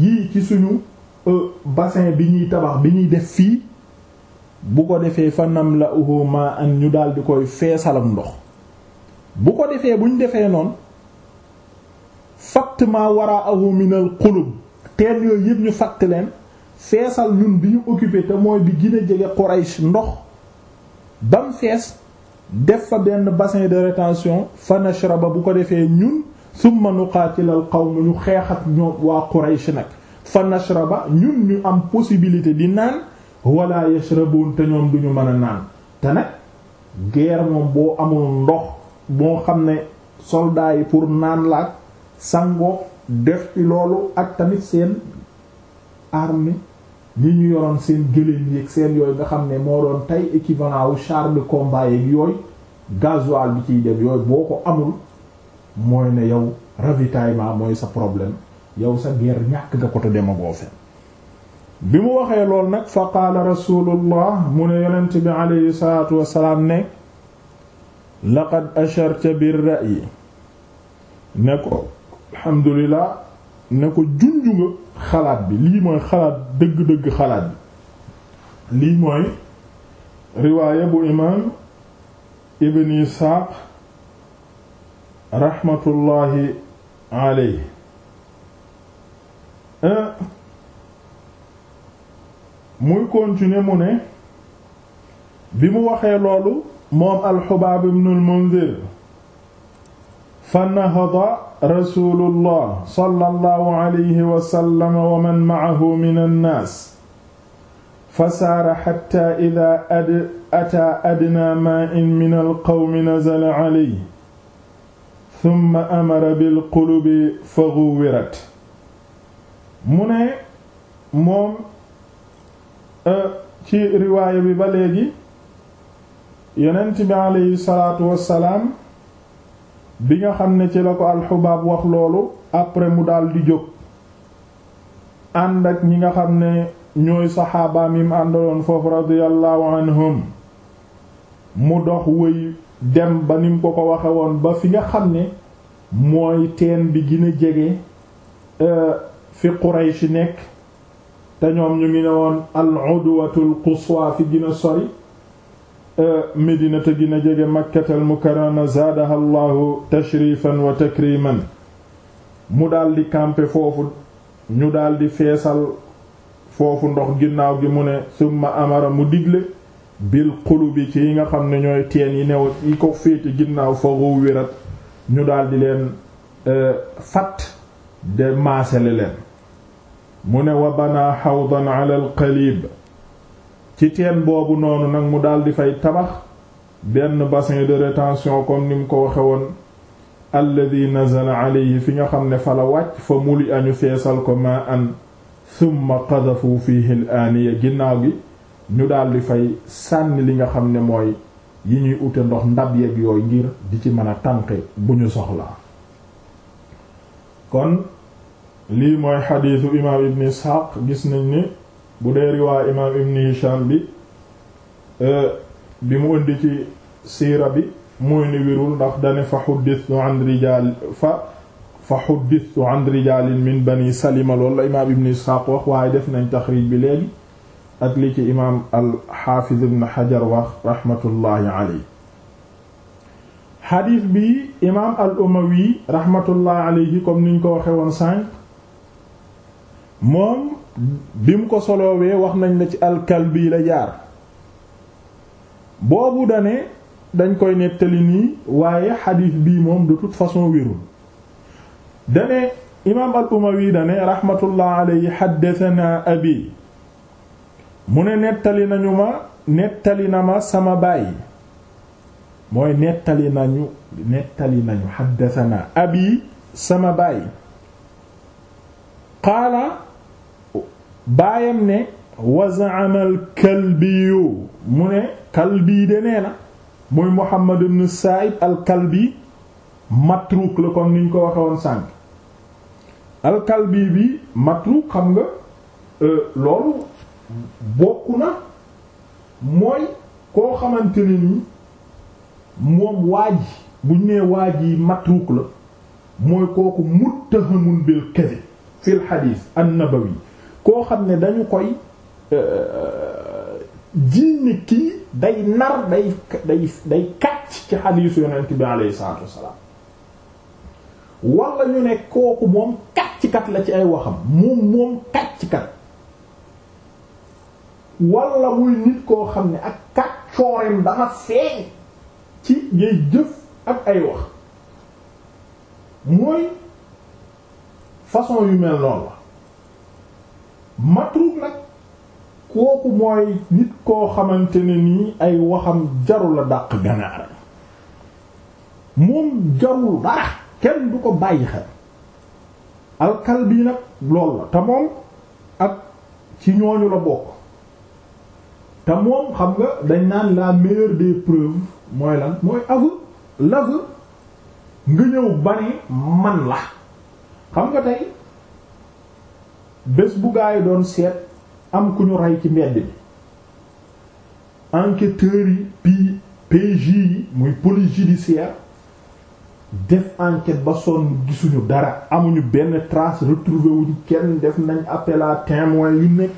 yii ci suñu euh, bassin bi ñuy tabax bi ñuy def fii bu ko defee fa nam la uhuma an ñu daldi di koy feesalam ndox bu ko defee buñ defee noonu fatt ma wara ahu minal xulub teen yooyu yëpp ñu fatt leen feesal ñun bi ñu occupé te mooy bi gën a jege Quraysh ndox bam fees def fa benn bassin de rétention fa ba bu ko defee ñun summa nuqaatil al qawm ñu xeex ak ñoom waa Quraysh nag fa ba ñun ñu am possibilité di naan wala yashrabuun te ñoom duñu mën a naan te nag guerre moom boo amul ndox boo xam ne soldats yi pour naan la ak sango def ci loolu ak tamit seen armée li ñu yoroon seen gëléem yeeg seen yooyu nga xam ne moo doon tey équivalent wu char de combat yeeg yooyu gasoil bi ciy dem yooyu boo ko amul mooy ne yow ravitaillement mooy sa problème yow sa guerre ñàkk nga ko te demagoo fen bi mu waxee lool nag fa qaala rasulullah mu ne yonent bi aleyhi salatu wasalaam ne laqad asharta biir ra'yi ne ko alhamdulillah ne ko junju xalaat bi lii mooy xalaat dëgg-dëgg xalaat bi lii mooy riwaaya bu imaam ibn isaaq raxmatullaahi alayhi eh, muy continuer mu ne bi mu waxee loolu moom alxubaab ibn al munzir fa nahada rasulullah sallallahu alayhi wa sallam wa man ma'ahu min annaas fa saara xatta ida ataa adnaa maa'in min alqawmi nazala alayhi thumma amara bilqulubi fa guwirat mu ne moom euh, ci riwaaya bi ba léegi yonent bi aleyhi salaatu wassalaam bi nga xam ne ci la ko alxubaab wax loolu après mu daal di jóg ànd ak ñi nga xam ne ñooy saxaaba mi mu àndaloon foofu radiyallahu mu dox wëy dem ba ni mu ko ko waxe woon ba fi nga xam ne mooy teen bi gën a jege euh, fi Quraysh nekk te ñoom ñu ngi ne woon al udwatul quswa fi gën sori Euh, Medina te na jege Makkatal Mukarrama zaadaha llahu tashrifan wa takriman mu daldi camper foofu ñu daldi feesal foofu ndox ginnaaw gi mu ne summa amara mu digle bil qulubi ci yi nga xam ne ñooy teen yi new yi ko féete ginnaaw fa ruwirat ñu daldi leen euh, fat de maasale leen mu ne wa banaa hawdan ala al ci teen boobu noonu nag mu daldi fay tabax benn basin de rétention comme ni mu ko waxe woon alladi nazala alayhi fi nga xam ne fala wàcc fa muli añu feesal ko ma an thumma qadafu fihi l aaniya ginnaaw gi ñu daldi fay sànni li nga xam ne mooy yi ñuy ute ndox ndab yeeg yooyu ngir di ci mën a tànqe bu ñu soxlaa kon lii mooy xadiisu imaam ibn isxaaq gis nañ ni bu dee riwaay imaam ibn Hisham bi e, siira bi mooy ni wirul ndax dane fa xuddistu an rijaal fa fa xuddistu an rijaalin min bani salima imaam ibn Isxaaq wax waaye def nañ taxriij bi léegi ak li ci imaam alxaafiz ibn wax raxmatullaahi aley xadiis bi imaam al umawi raxmatullaahi aleyhi comme niñ ko waxe woon moom bi mu ko soloowee wax nañ la ci alkal alkalbi la jaar boobu dane dañ koy nettali nii waaye xadiis bii moom de toute façon wérul dane imaam al umawi dane raxmatullah alayhi na abi mu ne nettali nañu ma nettali na ma sama bàyyi mooy nettali nañu nettali nañu xaddatanaa abi sama bàyyi qaala baayam ne wa za'ama al-Kalbiyu mu ne Kalbi de nee na muy Muhammad ibn Sa'id al-Kalbi matruk la comme ni ñu ko waxe woon sànq al-Kalbi bi matruk xam nga euh, loolu bokk na mooy koo xamante ne ni moom waaj buñ nee waaj yi matruk la mooy kooku muttahamun bil kadhib fil hadith an koo xam ne dañu koy euh, jiiñ ni kii day nar day day ci xadiisu yonent bi alayhi salaatu wassalaam wala ñu ne kooku moom kàcckat la ci ay waxam moom moom kàcckat wala muy nit koo xam ne ak kàccooreem dafa feeñ ci ngay jëf ak ay wax mooy façon yu mel noonu la matruuk nag kooku mooy nit koo xamante ni nii ay waxam jarul a dàq ganaar moom jarul dara kenn du ko bàyyi xel alkal bii nag lool la te ak ci ñooñu la bokk te xam nga dañ naan la meilleure des preuves mooy lan mooy aveu l'aveu nga ñëw bari man la xam nga tey bés bu gaa yi doon seet am ku ñu rey ci mbedd bi enquêteurs yi pi PJ yi muy police judiciaire def enquête ba sonn gisuñu dara amuñu benn tras retrouvé wuñ kenn def nañ appel à témoins yu nekk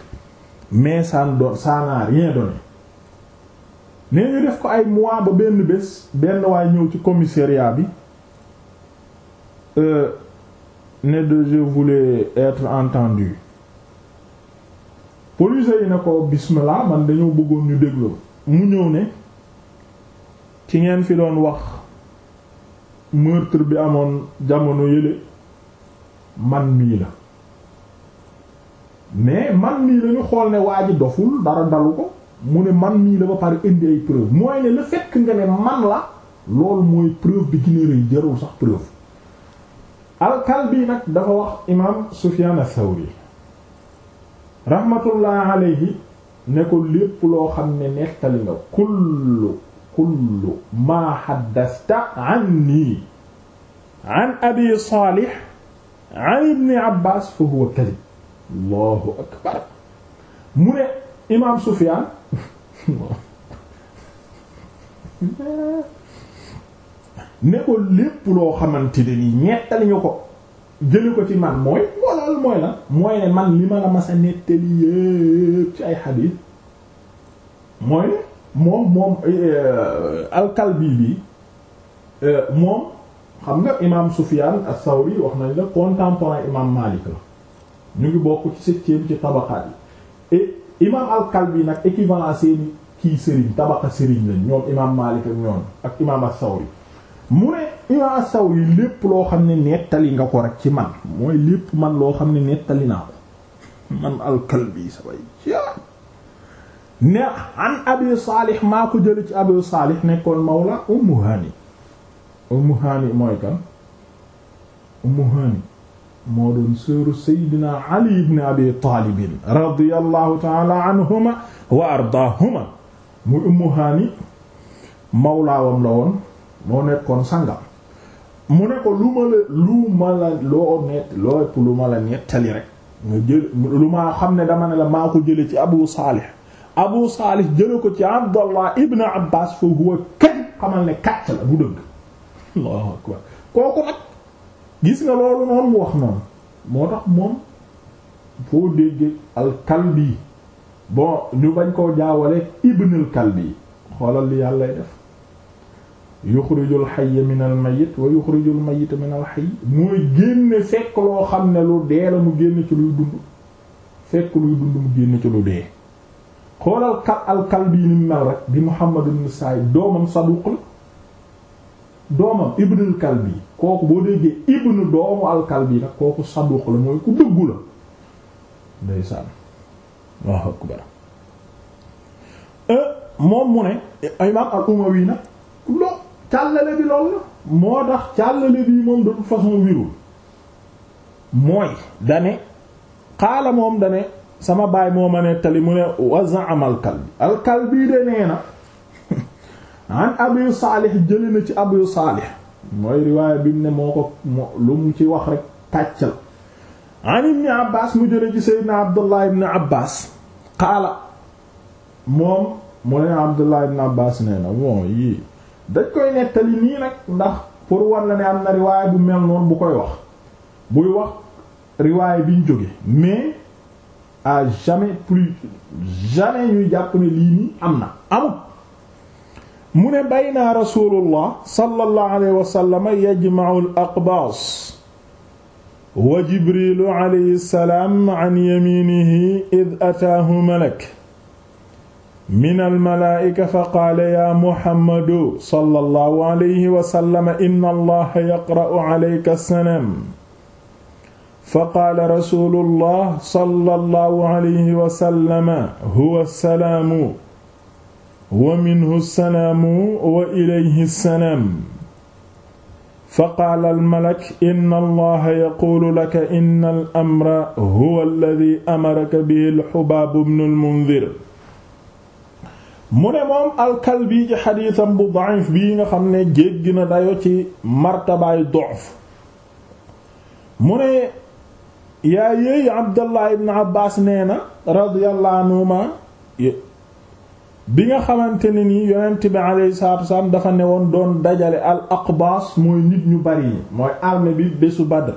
mais ça ne donne nee ñu def ko ay mois ba benn bés benn waay ñëw ci commissariat bi euh, ne de je voulais être entendu police yi ne ko bismillah man dañoo bëggoon ñu déglu mu ñëw ne ki ngeen fi doon wax meurtre bi amoon jamono yële man mii la mais man mii la xool ne waa ji doful dara dalu ko mu ne man mii la ba pare indi ay preuve mooy ne le fait que nga ne man la loolu mooy preuve bi gën a rëy jarul sax preuve al-Kalbi nag dafa wax imaam Sufyaan ath-Thawri rahmatullah alayhi ne ko lépp loo xam ne nettali nga kullu kullu maa haddasta anni an abi Saalih an ibni Abbaas fa huwa kadib allahu akbar mu ne imaam Sufyaan ne ko lépp loo xamante ne nii ñettali ñu ko jëli ko ci man mooy walla mooy la mooy man li ma la mas a nettali yépp ci ay xadiis mooy ne moom moom euh, alkalbi bi euh, moom xam nga imaam Sufyaan as-Sawri wax nañ la contemporain imaam Maalik la ñu ngi bokk ci septième ci tabaqaat yi et imaam al nag équivalent seeni kii sëriñ tabaqa sëriñ lañ ñoom imaam Maalik ak ñoom ak imaam as mu ne Imaam Sawri lépp loo xam ne nettali nga ko rek ci man mooy lépp man loo xam ne nettali naa ko man al-Kalbi sa way ne an Abi Salih maa ko jële ci Abi Salih nekkoon mawla Ummu Hani Ummu Hani mooy kan Ummu Hani moo doon sœuru Seydina Ali ibn Abi Talib radiyallahu ta'ala anhuma wa ardaahuma muy Ummu Hani mawlaawam la woon moo nekkoon sangam mu ne ko lu ma la lu ma la loo net loo ëpp lu ma la nettali rek nga jël lu ma xam ne dama ne la maa ko jële ci Abu Salih Abu Salih jële ko ci Abdallah ibn Abbas fa huwa kadib xamal ne kàcc la bu dëgg kooku nag gis nga loolu noonu mu wax noonu moo tax moom foo déggee al-Kalbi ñu bañ koo jaawale ibnul Kalbi xoolal li yàlla lay def yuxrijul xayya minal mayit wa yuxrijul mayita minal xayy mooy génne fekk loo xam ne lu dee la mu génn ci luy dund fekk luy dund mu génn ci lu dee xoolal kal al-Kalbi ni mel rek di Muhammad ibn Sa'id doomam saduq la doomam ibnul Kalbi kooku boo déggee ibnu doomu al-Kalbi nag kooku saduq la mooy ku dëggu la eh, moom mu ne imaam al-Umawi nag càllale bi lool la moo tax càllale bi moom de toute façon wirul mooy dane xaala moom dane sama baay moo ma nettali mu ne wasan am alkalbi alkalbi de nee na an abu saalih jëli na ci abu saalih mooy riwaaya bi ne moo ko lu mu ci wax rek tàcc la ibni abbas mu jële ci seydina abdullah ibni abbas xaala moom mu ne abdullah ibni abbas nee na bon yii dañ koy nettali nii nag ndax pour war la ne am na riwaay bu mel noonu bu koy wax buy wax riwaay biñ jóge mais à jamais plus jamais ñuy jàpp ne lii nii am na amut mu ne bayna rasulullah sallallahu alayhi wa sallam yajma'u al-aqbas wa jibrilu alayhi salaam an yaminihi id ataahu malak min almalaa'ika fa qaala yaa muhammadu sallallahu alayhi wa sallam inna allaha yaqra'u alayka as-salaam fa qaala rasuulullah sallallahu alayhi wa sallam huwa as-salaamu wa minhu as-salaamu wa ilayhi as-salaam فقال الملك إن الله يقول لك إن الأمر هو الذي أمرك به الحباب بن المنذر mu ne moom alkalbi ci xadiisam bu da'if bii nga xam ne jéggi dina dayo ci martabaay dof mu ne yaa yéey abdallah ibn abbas nee na radiyallahu anhuma bi nga xamante ne nii yonent bi alayhi salaatu wasalaam dafa ne woon doon dajale al aqbaas mooy nit ñu bari mooy armée bi bésu Badr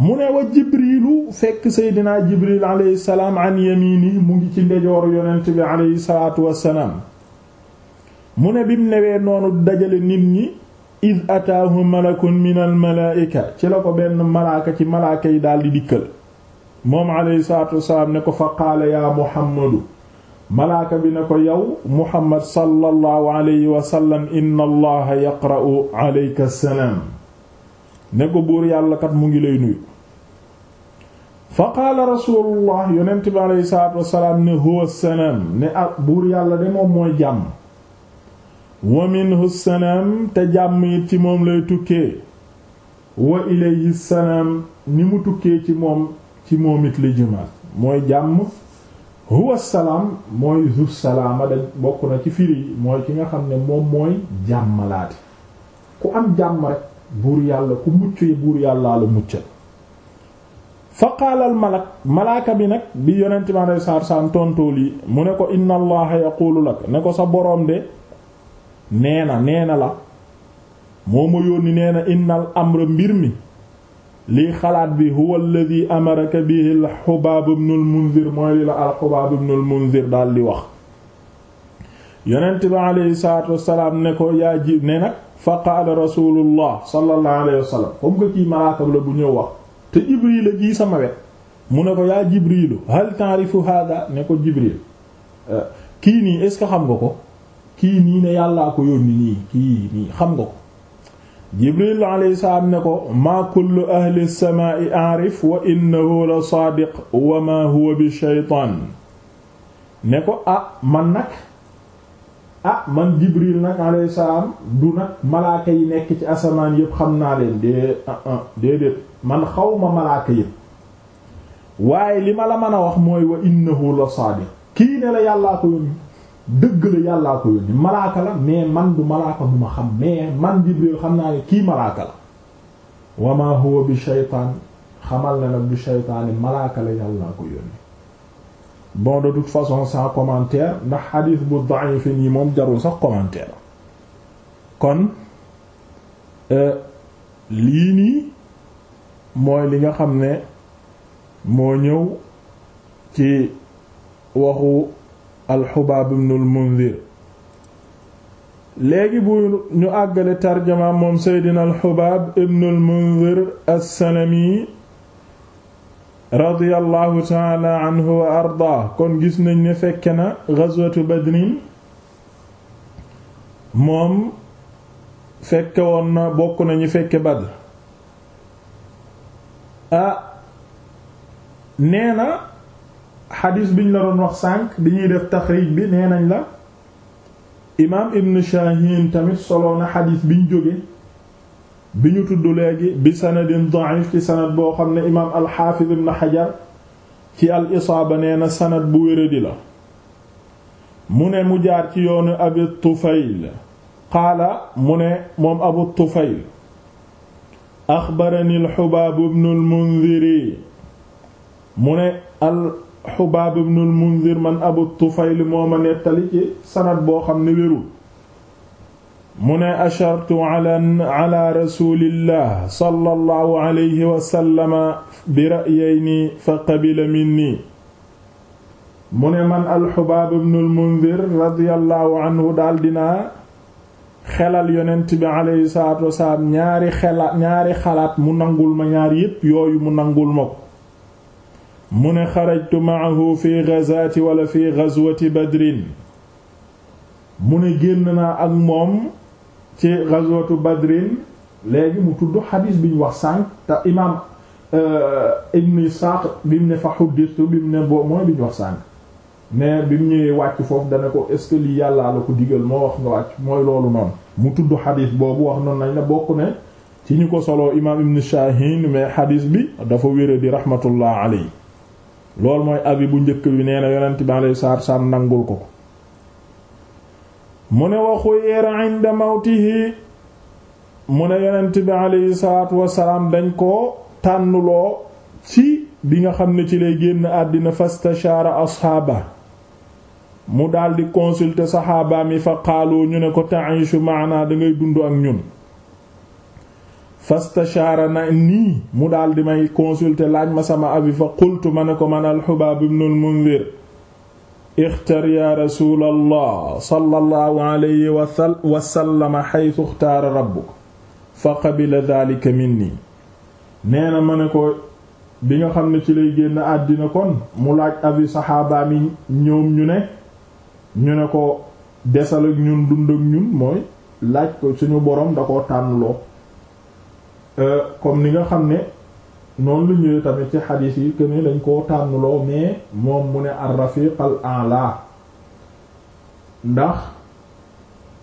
mu ne wa jibrilu fekk seydinaa jibril alayhi salaam an yamini mu ngi ci ndejooru yonent bi alayhi salaatu wassalaam mu ne bim newee noonu dajale nit ñi id ataahu malakun min al malaika ci la ko benn malaaka ci malaaka yi daldi dikkal moom alayhi salaatu wassalaam ne ko fa qaala yaa muhammadu malaaka bi ne ko yow muhammad sallallahu alayhi wa inna allaha yaqra'u alayka salaam ne ko buur mu ngi lay nuyu fa qaala rasulullah yonent bi aleyhi salaatu wasalaam ne huwa salaam ak ah, buur yàlla de moom mooy jàmm wa minhu te jàmm it ci moom lay tukkee wa ilayhi ni mu tukkee ci moom ci moom it li jëmaat mooy jàmm huwa salaam mooy zu dañ bokk na ci firi yi mooy ki nga xam ne moom mooy jàmmalaate ku am jàmm rek buur yàlla ku buur yàllaa la muccal fa qaala malak malaaka bi nag bi yonent ma nay saar saan tontool yi mu ne ko inna yaqulu lak ne ko sa boroom de nee na nee na la moo ma yónni nee na innal amra mbir mi lii xalaat bi huwa alladhi amaraka bihi al xubaab ibn mooy li la al xubaab ibn al munzir di wax yonent bi alayhi salaatu wassalaam ne ko yaa ji ne nag fa qaala rasulullah sallallahu alayhi wa sallam kii malaakam la bu ñëw wax te jibril a ji sama wet mu ne ko yaa jibrilu hal ta'rifu hada ne ko jibril euh, kii nii est ce que xam nga ko kii nii ne yàllaa ko yónni nii kii nii xam nga ko jibril ne ko maa kullu ahli samaa'i a'rif wa innahu la saadiq wa ma huwa bi shaytaan ne ko ah man nag ah man Jibril nag alayhi salaam du nag malaaka yi nekk ci asamaan yëpp xam naa leen dée ah, ah, déedéet man xawma malaaka yëpp waaye li ma la mën a wax mooy wa innahu la saadiq kii ne la yàllaa ko yónni dëgg la yàllaa ko yónni malaaka la mais man du malaaka bu ma xam mais man Jibril xam naa ne kii malaaka la wa ma huwa bi shaytaan xamal na nag bi shaytaani malaaka la yàllaa ko yónni bon de toute façon sans commentaire ndax xadiis bu da'if yi moom jarul sax commentaire kon euh, lii nii mooy li nga xam ne moo ñëw ci waxu alxubaab ibn al léegi bu ñu àggale tarjama moom seydina alxubaab ibn al mundir radiyallahu taala anhu wa ardaa kon gis nañ ni fekke na ghazwatu badrin moom fekke woon na bokk nañu fekke badr a nee na xadiis biñ la doon wax sànq bi ñuy def taxriij bi nee nañ la imaam ibn Shaahin tamit soloona xadiis biñ jóge bi ñu tudd léegi bi sanadin da'if ci sanad boo xam ne imaam alxaafiz ibn xajar ci al isaaba nee na sanad bu wéradi la mu ne mu jaar ci yoonu abi tufayl qaala mu ne moom abu tufayl axbarani alxubaab ibn almundiri mu ne alxubaab ibn almundir man abu tufayl moo ma nettali ci sanad boo xam ne wérul mu ne ashartu ala rasulillah sallallahu alayhi wa sallama bi ra'yayni fa qabila minni mu ne man alxubaab ibnu almundir radiyallahu anhu daal dinaa xelal yonent alayhi salaatu wasalaam ñaari xelaat xalaat mu nangul ma ñaari yépp yooyu mu nangul ma ko mu ne xarajtu maahu fi gazaati wala fi gazwati badrin mu ne génn ak moom ci ghazwatu badrin léegi mu tudd xadis bi ñu wax sànq te imaam euh, ibn Isaaq bi mu ne fa xuddistu bi mu ne boo mooy bi ñu wax sànq mais bi mu ñëwee wàcc foofu dana ko est yàlla la ko digal moo wax nga wàcc mooy loolu noonu mu tudd xadis boobu wax noonu nañ la bokk ne ci ñu ko soloo imaam ibn Shaahin mais xadis bi dafa wére di rahmatullah aley mooy abi bu njëkk bi nee na yonent bi alayhi salaatu nangul ko ko mu ne waxu yeera inda mawtihi mu ne yonent bi aleyhi salaatu wasalaam dañ koo tànnuloo ci bi nga xam ne ci lay génn àddina fastashaara asxaaba mu daldi consulter saxaaba yi fa qaalu ñu ne ko ta'ishu maana dangay dund ak ñun fastashaara na nii mu daldi may consulter laaj ma sama abi fa qultu ma ne ko man al Xubaab ibnul Munzir ixtar yaa rasuulallah sallallahu alayhi wa sallam xaytu ixtaara rabbuk fa qabila daalika minni nee na ma ne ko bi nga xam ne ci lay génn àddina kon mu laaj avis saxaabaa mi ñoom ñu ne ñu ne ko desal ak ñun dund ak ñun mooy laaj ko suñu boroom da koo tànnloo euh, comme ni nga xam ne noonu lu ñëwee tamit ci xadiis yi que ne dañ koo tànnuloo mais moom mu ne ar-rafiq al ndax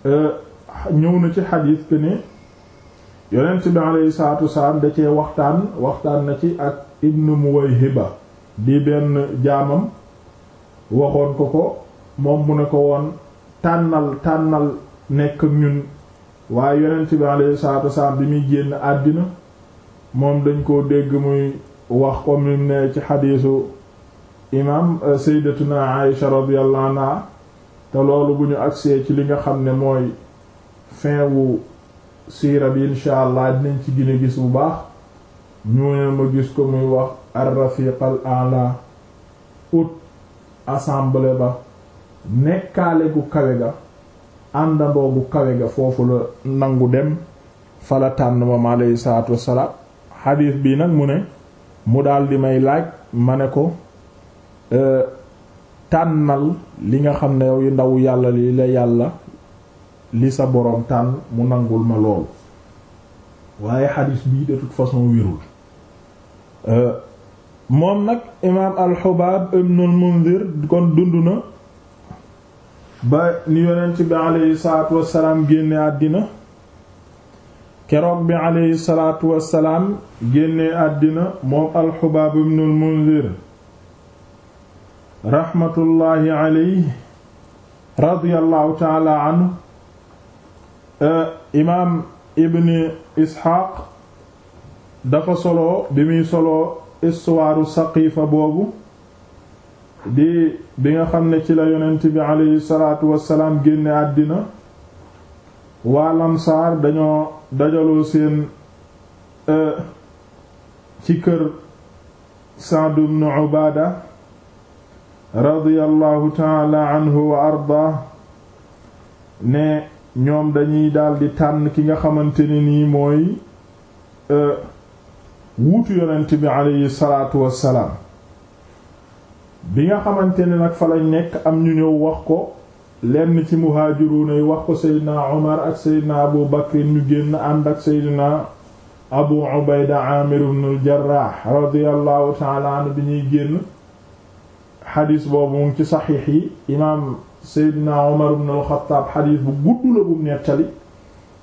euh, ñëw na ci xadiis que ne yonent bi alayhi salaatu wasalaam da waxtaan waxtaan na ci ak ibnu Muwayhiba di benn jaamam waxoon ko ko moom mu ne ko woon tànnal tànnal nekk ñun waaye yonent bi alayhi salaatu saat bi muy génn àddina moom dañ koo dégg muy wax ko lim ne ci xadiisu imaam euh, sayyidatuna na radiyallahu anha te loolu bu ñu agsee ci li nga xam ne mooy fin wu siira bi insha allah dinañ ci gën gis bu baax ñu ne ma gis ko muy wax ar-rafiq al ut assemblée ba nekkaale gu kawe ga àndandoo gu kawe ga foofu la nangu dem fala tànn ma alayhi salaatu wassalaam xadiis bii nag mu ne mu dal di may laaj ma ne ko euh, tànnal li nga xam ne yow yu ndaw yàlla li la yàlla li sa boroom tànn mu nangul ma loolu waaye xadiis bii de façon wérul euh, moom nag imaam alxubaab ibnul mundir kon dund na ba ni yonent bi aleyhi salaatu wassalaam génne àddina keroog bi aleyhi salaatu wassalaam àddina moom alxubaab ibnul mundir raxmatullaahi aleyhi radiyallahu taala anhu eh, imaam ibni isxaaq dafa solo bi muy solo istuwaaru saqiifa boobu di bi nga xam ne ci la yonent bi aleyhi waa lamsaar dañoo dajaloo seen euh, ci kër Sa'd ibn Ubaada radiyallahu taala anhu wa arda ne ñoom dañuy daldi tànn ki nga xamante ne nii mooy euh, wuutu yonent bi aleyhi salaatu wassalaam bi nga xamante ne nag falañ nekk am ñu ñëw wax ko lenn ci muhaajiruuna yi wax ko seydina omar ak seydina abu bakr ñu génn ànd ak seydina abu ubayda aamir ibnul jarraax radiyallahu taala bi ñuy génn xadiis boobu mu ngi ci saxiix yi imaam seydina omar ibnul xattaab xadiis bu gudd la bu nettali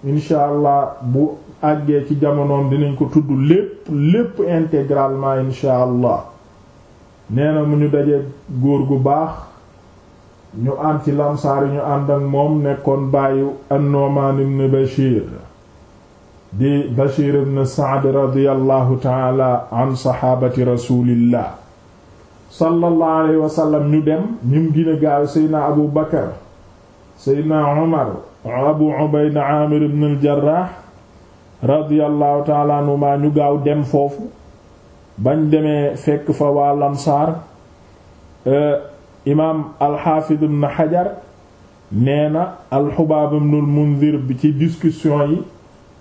incha allah bu àggee ci jamonoom dinañ ko tudd lépp lépp intégralement incha allah nee na mu ñu daje góor gu baax ñu ànd ci lamsaar yi ñu ànd moom nekkoon baayu an-Nu'man ibn Bashir di Bashir ibn Sa'd radiyallahu taala an saxaabati rasulillah sallallahu ñu dem ñim gën a gaaw Abu Bakar Seydina Umar Abu Ubayda Aamir ibn al-Jarrah radiyallahu taala ñu gaaw dem foofu bañ demee fekk fa waa lamsaar euh, imaam alxaafid na xajar nee na alxubaab ibn almundir bi ci discussion yi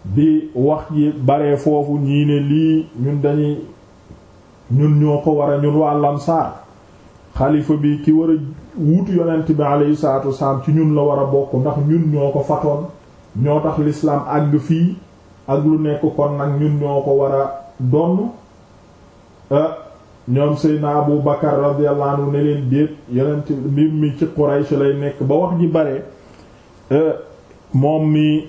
bi wax ji baree foofu ñii lii ñun dañuy ñun ñoo ko war a ñun waa lamsaar xalifa bi ci war a wuutu yonent bi aleyhi salaatu wasalaam ci ñun la war a bokk ndax ñun ñoo ko fatoon ñoo tax lislaam àgg fii ak lu nekk kon nag ñun ñoo ko war a donn euh, ñoom Seydina Abu Bakar radiyallahu ne leen déet yonent mbir mi ci Quraysh lay nekk ba wax ji bare euh, moom mi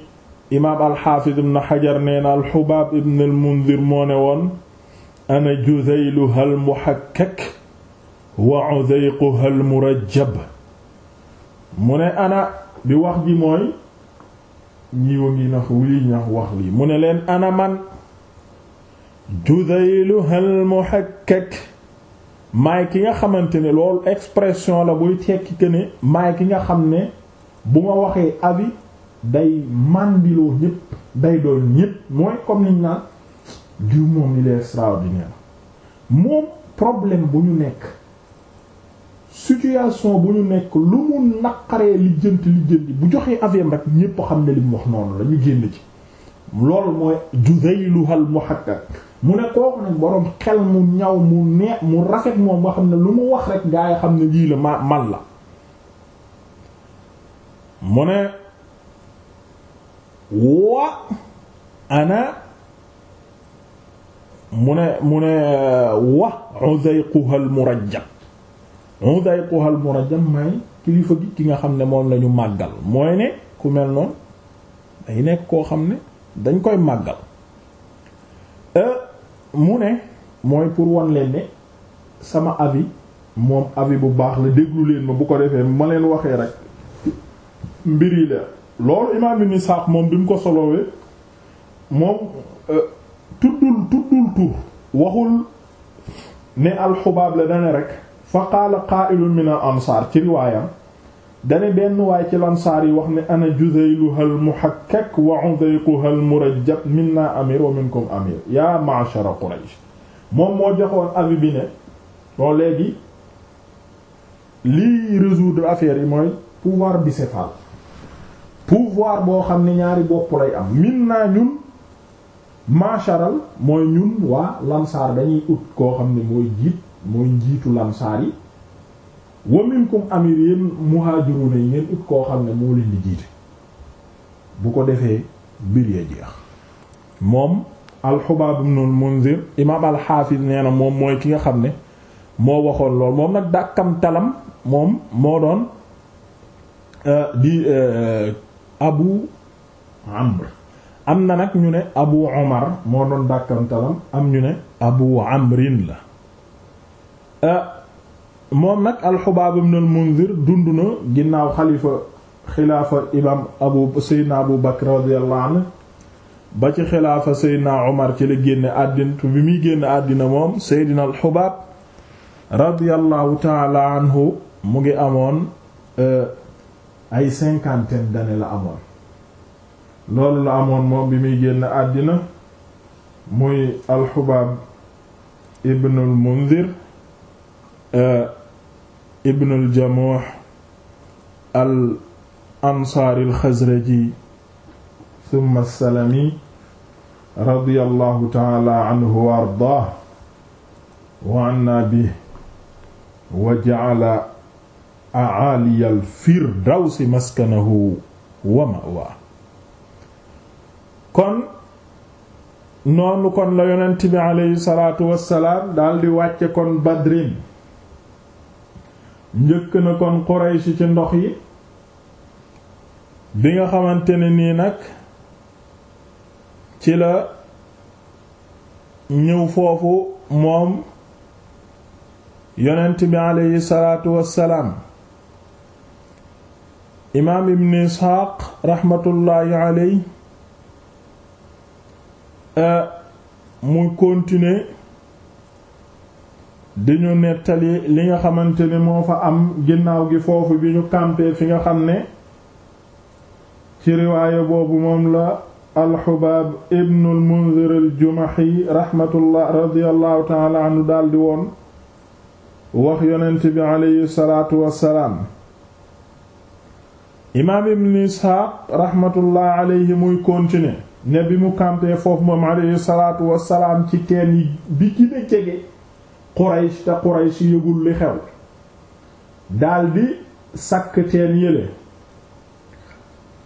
imaam al-Hafiz ibn Hajar nee ibn al moo ne woon ana juzayluha al wa wax wax lii mu ne leen ana man judayluha al muhakkak maay ki nga xamante ne loolu expression la buy tekki que ne maay ki nga xam ne bu ma waxee abi day mandiloo ñépp day doon ñépp mooy comme niñ naan diw moom il est extraordinaire moom problème bu ñu nekk situation bu ñu nekk lu mu naqaree li jënt bu joxee aviam rek ñépp xam ne li mu wax noonu la ñu génn ci loolu mooy judayluhal muhakkak mu ne kooku nag boroom xel mu ñaw mu neex mu rafet moom nga xam ne lu mu wax rek gaa xam ne lii la ma man la mu ne wa ana mu ne mu ne wa uzayquha al murajjab uzayquha al murajjab may kilifa gi ki nga xam ne moom lañu màggal mooy ne ku mel noonu day nekk koo xam ne dañ koy màggal euh, mu ne mooy pour wan leen ne sama avis moom avis bu baax la déglu leen ma bu ko defee ma leen waxee rek mbir yi la loolu imaam ibn Isaaq moom bi mu ko solowee moom euh, tuddul tuddul tur waxul ne alxubaab la dana rek fa qaala qaa'ilun min al ansaar ci riwaayam dane benn waaye ci lansaar yi wax ne ana judayluha al muhakkak wa udayquha al murajjab minna amir wa minkum amir ya ma'shara quraysh moom moo joxoon avis bi ne bon léegi lii résoudre affaire yi mooy pouvoir bicéphale pouvoir boo xam ne ñaari bopp lay am minna ñun ma'sharal mooy ñun waa lansaar dañuy ut koo xam ne mooy jiit mooy njiitu lansaar yi wa minkum amir yéen muhajiruna yi ngeen ut koo xam ne moo leen di jiite bu ko defee mbir ya jeex moom alxubaab ibnul munzir imaam alxaafis nee na moom mooy ki nga xam ne moo waxoon lool moom nag dàkkam talam moom moo doon euh, di euh, abu amr am na nag ñu ne abu moo doon dàkkam am ñu ne abu amrin la euh, moom nag alxubaab ibn al mundir dund na ginnaaw xalifa xilaafa imam abu seydna abu bakr radiyallahu ba ci xilaafa seydna omar ci la génne àddina bi muy génn àddina moom seydna alxubaab radiyallahu taala anhu mu ngi amoon euh, ay cinquantaine d'années la amoon loolu la amoon moom bi muy génn àddina muy alxubaab ibnul mundir euh, ibnul jamuux al ansaari al xazraji summa salami radiyallahu taala anhu wa ardaah wa anna bi wa ja'ala a'aaliya al firdawsi maskanahu wa ma'waa kon noonu kon la yonent bi aleyhi salaatu wassalaam daldi wàcce kon badrin njëkk na kon Quraysh ci ndox yi bi nga xamante ne nii nag ci la ñëw foofu moom yonent bi aleyhi salaatu wassalaam imaam ibn isxaaq raxmatullaahi aley eh, mu continuer ñu nettali li nga xamante ne moo fa am ginnaaw gi foofu bi ñu campé fi nga xam ne ci riwaaya boobu moom la alxubaab ibnu almundir aljumahi raxmatullah radiallahu taala daldi woon wax yonent bi aleyhi salaatu wassalaam imaam muy continuer ne bi mu campé foofu moom aleyhi salaatu wassalaam ci teen bi gën jege Quraysh te Quraysh yëgul li xew daldi sàkk teen yële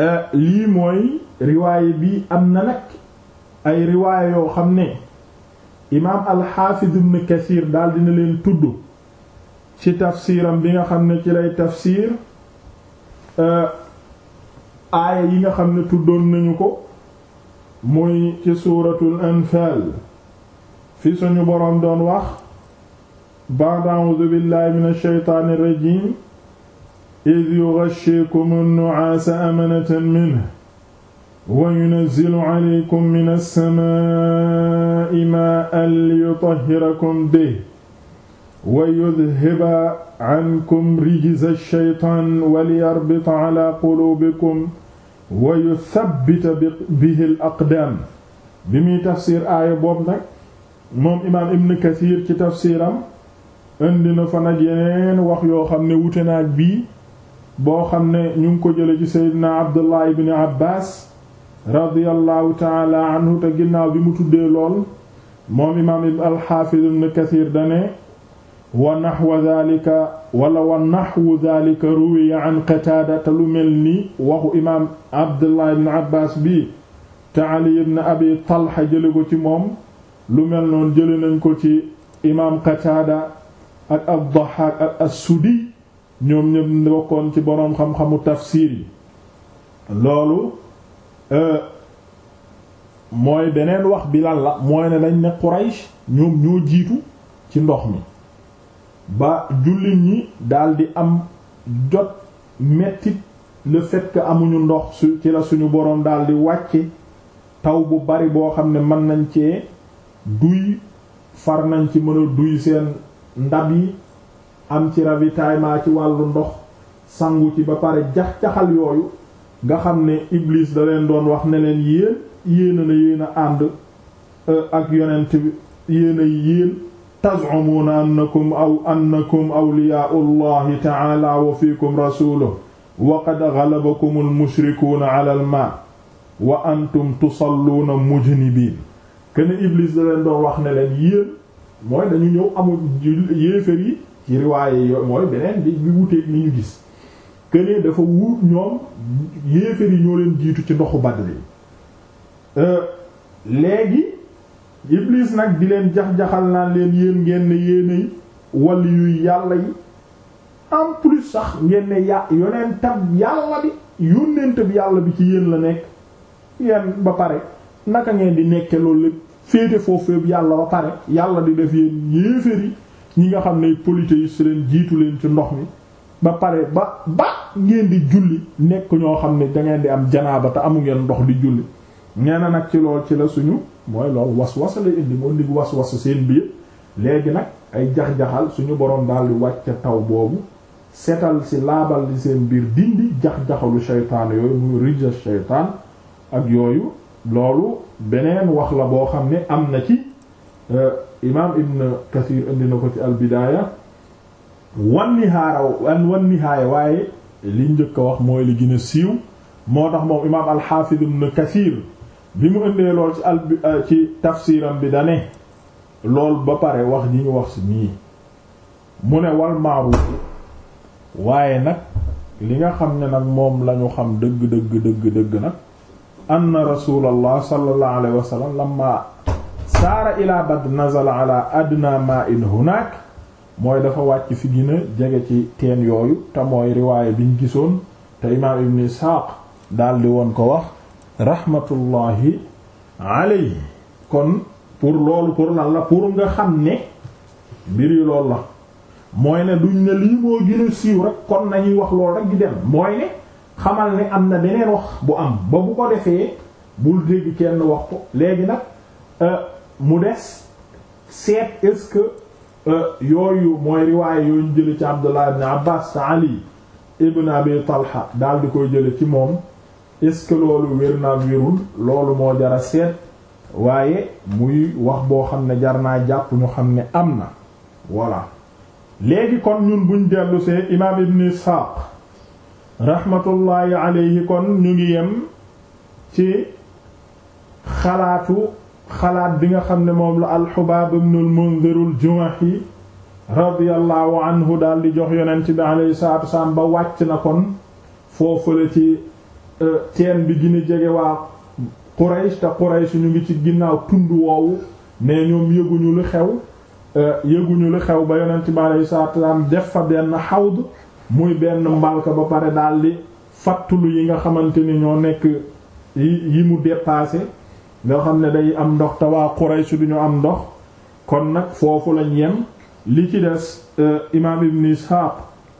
euh, lii mooy riwaay bi am na nag ay riwaay yoo xam ne imaam al-Hafiz Ibn daldi na leen tudd ci tafsiram bi nga xam ne ci lay tafsir euh, aaya yi nga xam ne tuddoon nañu ko muy ci suuratul Anfaal fi suñu boroom doon wax ba'da a'uuzu billaahi mina shaytaani rajiim iz yughashshiikumu nnu'aasa amanatan minhu wa yunazzilu alaykum mina samaa'i maa'an liyutahhirakum bihi wa yudhhiba ankum rijza shaytaan wa liyarbita alaa quluubikum wa yuthabbita bihi al-aqdaam bi muy tafsiir aaya boobu nag moom imaam Ibn Kathir ci tafsiiram indi na fa nag yeneen wax yoo xam ne wute naag bii boo xam ne ñu ngi ko jële ci seydina abdullah ibn abbas radiyallahu taala anhu te ginnaaw bi mu tuddee lool moom imaam alxaafiz ibn kathir dane wa naxwa daalika wala wa naxwu daalika ruwiya an qataada te lu mel ni waxu imaam abdullah ibn abbas bi te ali ibn abi talha jële ko ci moom lu mel noon jële nañ ko ci imaam qataada ak ad-Dahhak ak as ñoom ñëpp bokkoon ci boroom xam-xamu tafsir yi loolu euh, mooy beneen wax bi lan la mooy ne dañ ne Quraysh ñoom ñoo jiitu ci ndox mi ba jullit ñi daldi am jot mettit le fait amuñu ndox su ci la suñu boroom daldi wàcce taw bu bari boo xam ne mën nañ cee duy far nañ ci mën a duy seen ndab yi am ci ravitaillement ci wàllu ndox sangu ci ba pare jax-jaxal yooyu nga xam ne Iblis da leen doon wax ne leen yéen yéen a na yéen a ànd euh, ak yonent yéen a yéen taz'umuna annakum aw annakum awliya'u llahi ta'ala wa fiikum rasuluhu wa qad ghalabakum al-mushrikuuna 'ala wa antum tusalluuna mujnibiin ken Iblis da leen doon wax ne leen yéen mooy dañu ñëw amul yéefér yi ci riwaaye yo mooy beneen bi bi wuteeg ni ñu gis keneen dafa wuut ñoom yéefér yi ñoo leen jiitu ci ndoxu Badr yi euh, léegi Iblis nag di leen jax-jaxal naa leen yéen ngeen ne yéenay wàlli yuy yàlla yi en plus sax ngeen ne ya yonentam yàlla bi yónnent yàlla bi ci yéen la nekk yéen ba pare naka ngeen di nekke loolu lépp féete foofu yëpp yàlla ba pare yàlla di def yéen yéeféri ñi nga xam ne polythéistes leen jiitu leen ci ndox mi ba pare ba ba ngeen di julli nekk ñoo xam ne da di am janaaba amu ngeen ndox di julli nee nag ci lool ci la suñu mooy lool was-was la indi moo indi was-was seen biir léegi nag ay jax-jaxal suñu boroom daal di wàcc taw boobu setal si laabal di seen biir dindi jax-jaxalu shaytaan yooyu muy rija shaytaan ak yooyu loolu beneen wax la boo xam ne am na ci euh, imaam Ibn Kathir indi na ko ci albidaaya wan nihaara an wan nihaaya waaye li njëkk a wax mooy li gën a siiw moo tax moom imaam al-Hafiz Ibn bi mu indee lool ci al euh, ci tafsiram bi dane lool ba pare wax ji ñu wax si nii mu ne wal ma'ruf waaye nag li nga xam ne nag moom lañu xam dëgg dëgg dëgg dëgg nag anna rasulallah sallallahu alayhi wa sallam lamma saara ila Badr nazala ala adna ma'in hunak mooy dafa wàcc fi gën jege ci teen yooyu te mooy riwaayé biñ gisoon te ibn Isxaaq daldi woon ko wax rahmatullahi alayhi kon pour loolu pour lan la pour nga xam ni mbir yi loolu la mooy ne duñ ne lii moo gën a siiw rek kon nañuy wax loolu rek di dem mooy ne xamal ne am na beneen wax bu am ba bu ko defee bul dégg kenn wax ko léegi nag euh, mu des seet est euh, yooyu mooy riwaaye yooyu ñu ci Abdullah ibn Abbas Ali ibn Abi Talha daal di koy jële ci moom est loolu wér na wérul loolu moo jara seet waaye muy wax boo xam ne jar naa jàpp ñu xam ne am na voilà léegi kon ñun buñ dellusee imaam Ibn Ishaq raxmatullaahi alayhi kon ñu ngi yem ci xalaatu xalaat bi nga xam ne moom la alxubaab ibnul mundirul yi radiyallahu anhu daal di jox yonent bi alayhi salaatu wasalaam ba wàcc na kon foofu la ci euh, teen bi gën a jege waa Quraysh te Quraysh ñu ngi ci ginnaaw tund woowu ne ñoom yëguñu lu xew euh, yëguñu lu xew ba yonent bi alayhi salaatu wasalaam def fa benn xawd muy benn mbalka ba pare daldi fàttulu yi nga xamante ni ñoo nekk yi mu dépassé nga xam ne day am ndox te waa Quraysh du ñu am ndox kon nag foofu lañ yem li ci des euh, imaam Ibn Ishaq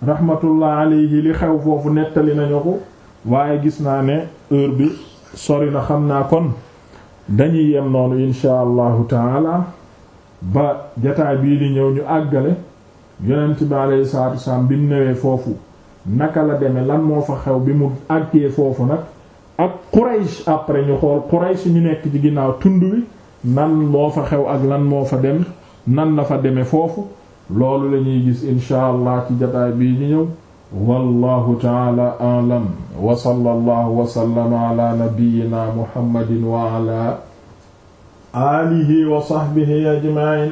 rahmatullah yi li xew foofu nettali na ko waaye gis naa ne heure bi sori na xam naa kon dañuy yem noonu insha allahu taala ba jataay bii di ñëw ñu àggale yonent bi alayhi salaatu wasalaam bi mu newee foofu naka la demee lan moo fa xew bi mu àggee foofu nag ak Quraysh après ñu xool Quraysh ñu nekk ci ginnaaw tund wi nan moo fa xew ak lan moo fa dem nan la fa demee foofu loolu lañuy gis inshaa allah ci jataay bii ñu ñëw wallahu taala alam wa sallallahu wa sallama ala nabiyyina muhammadin wa ala alihi wa sahbihi ajma'in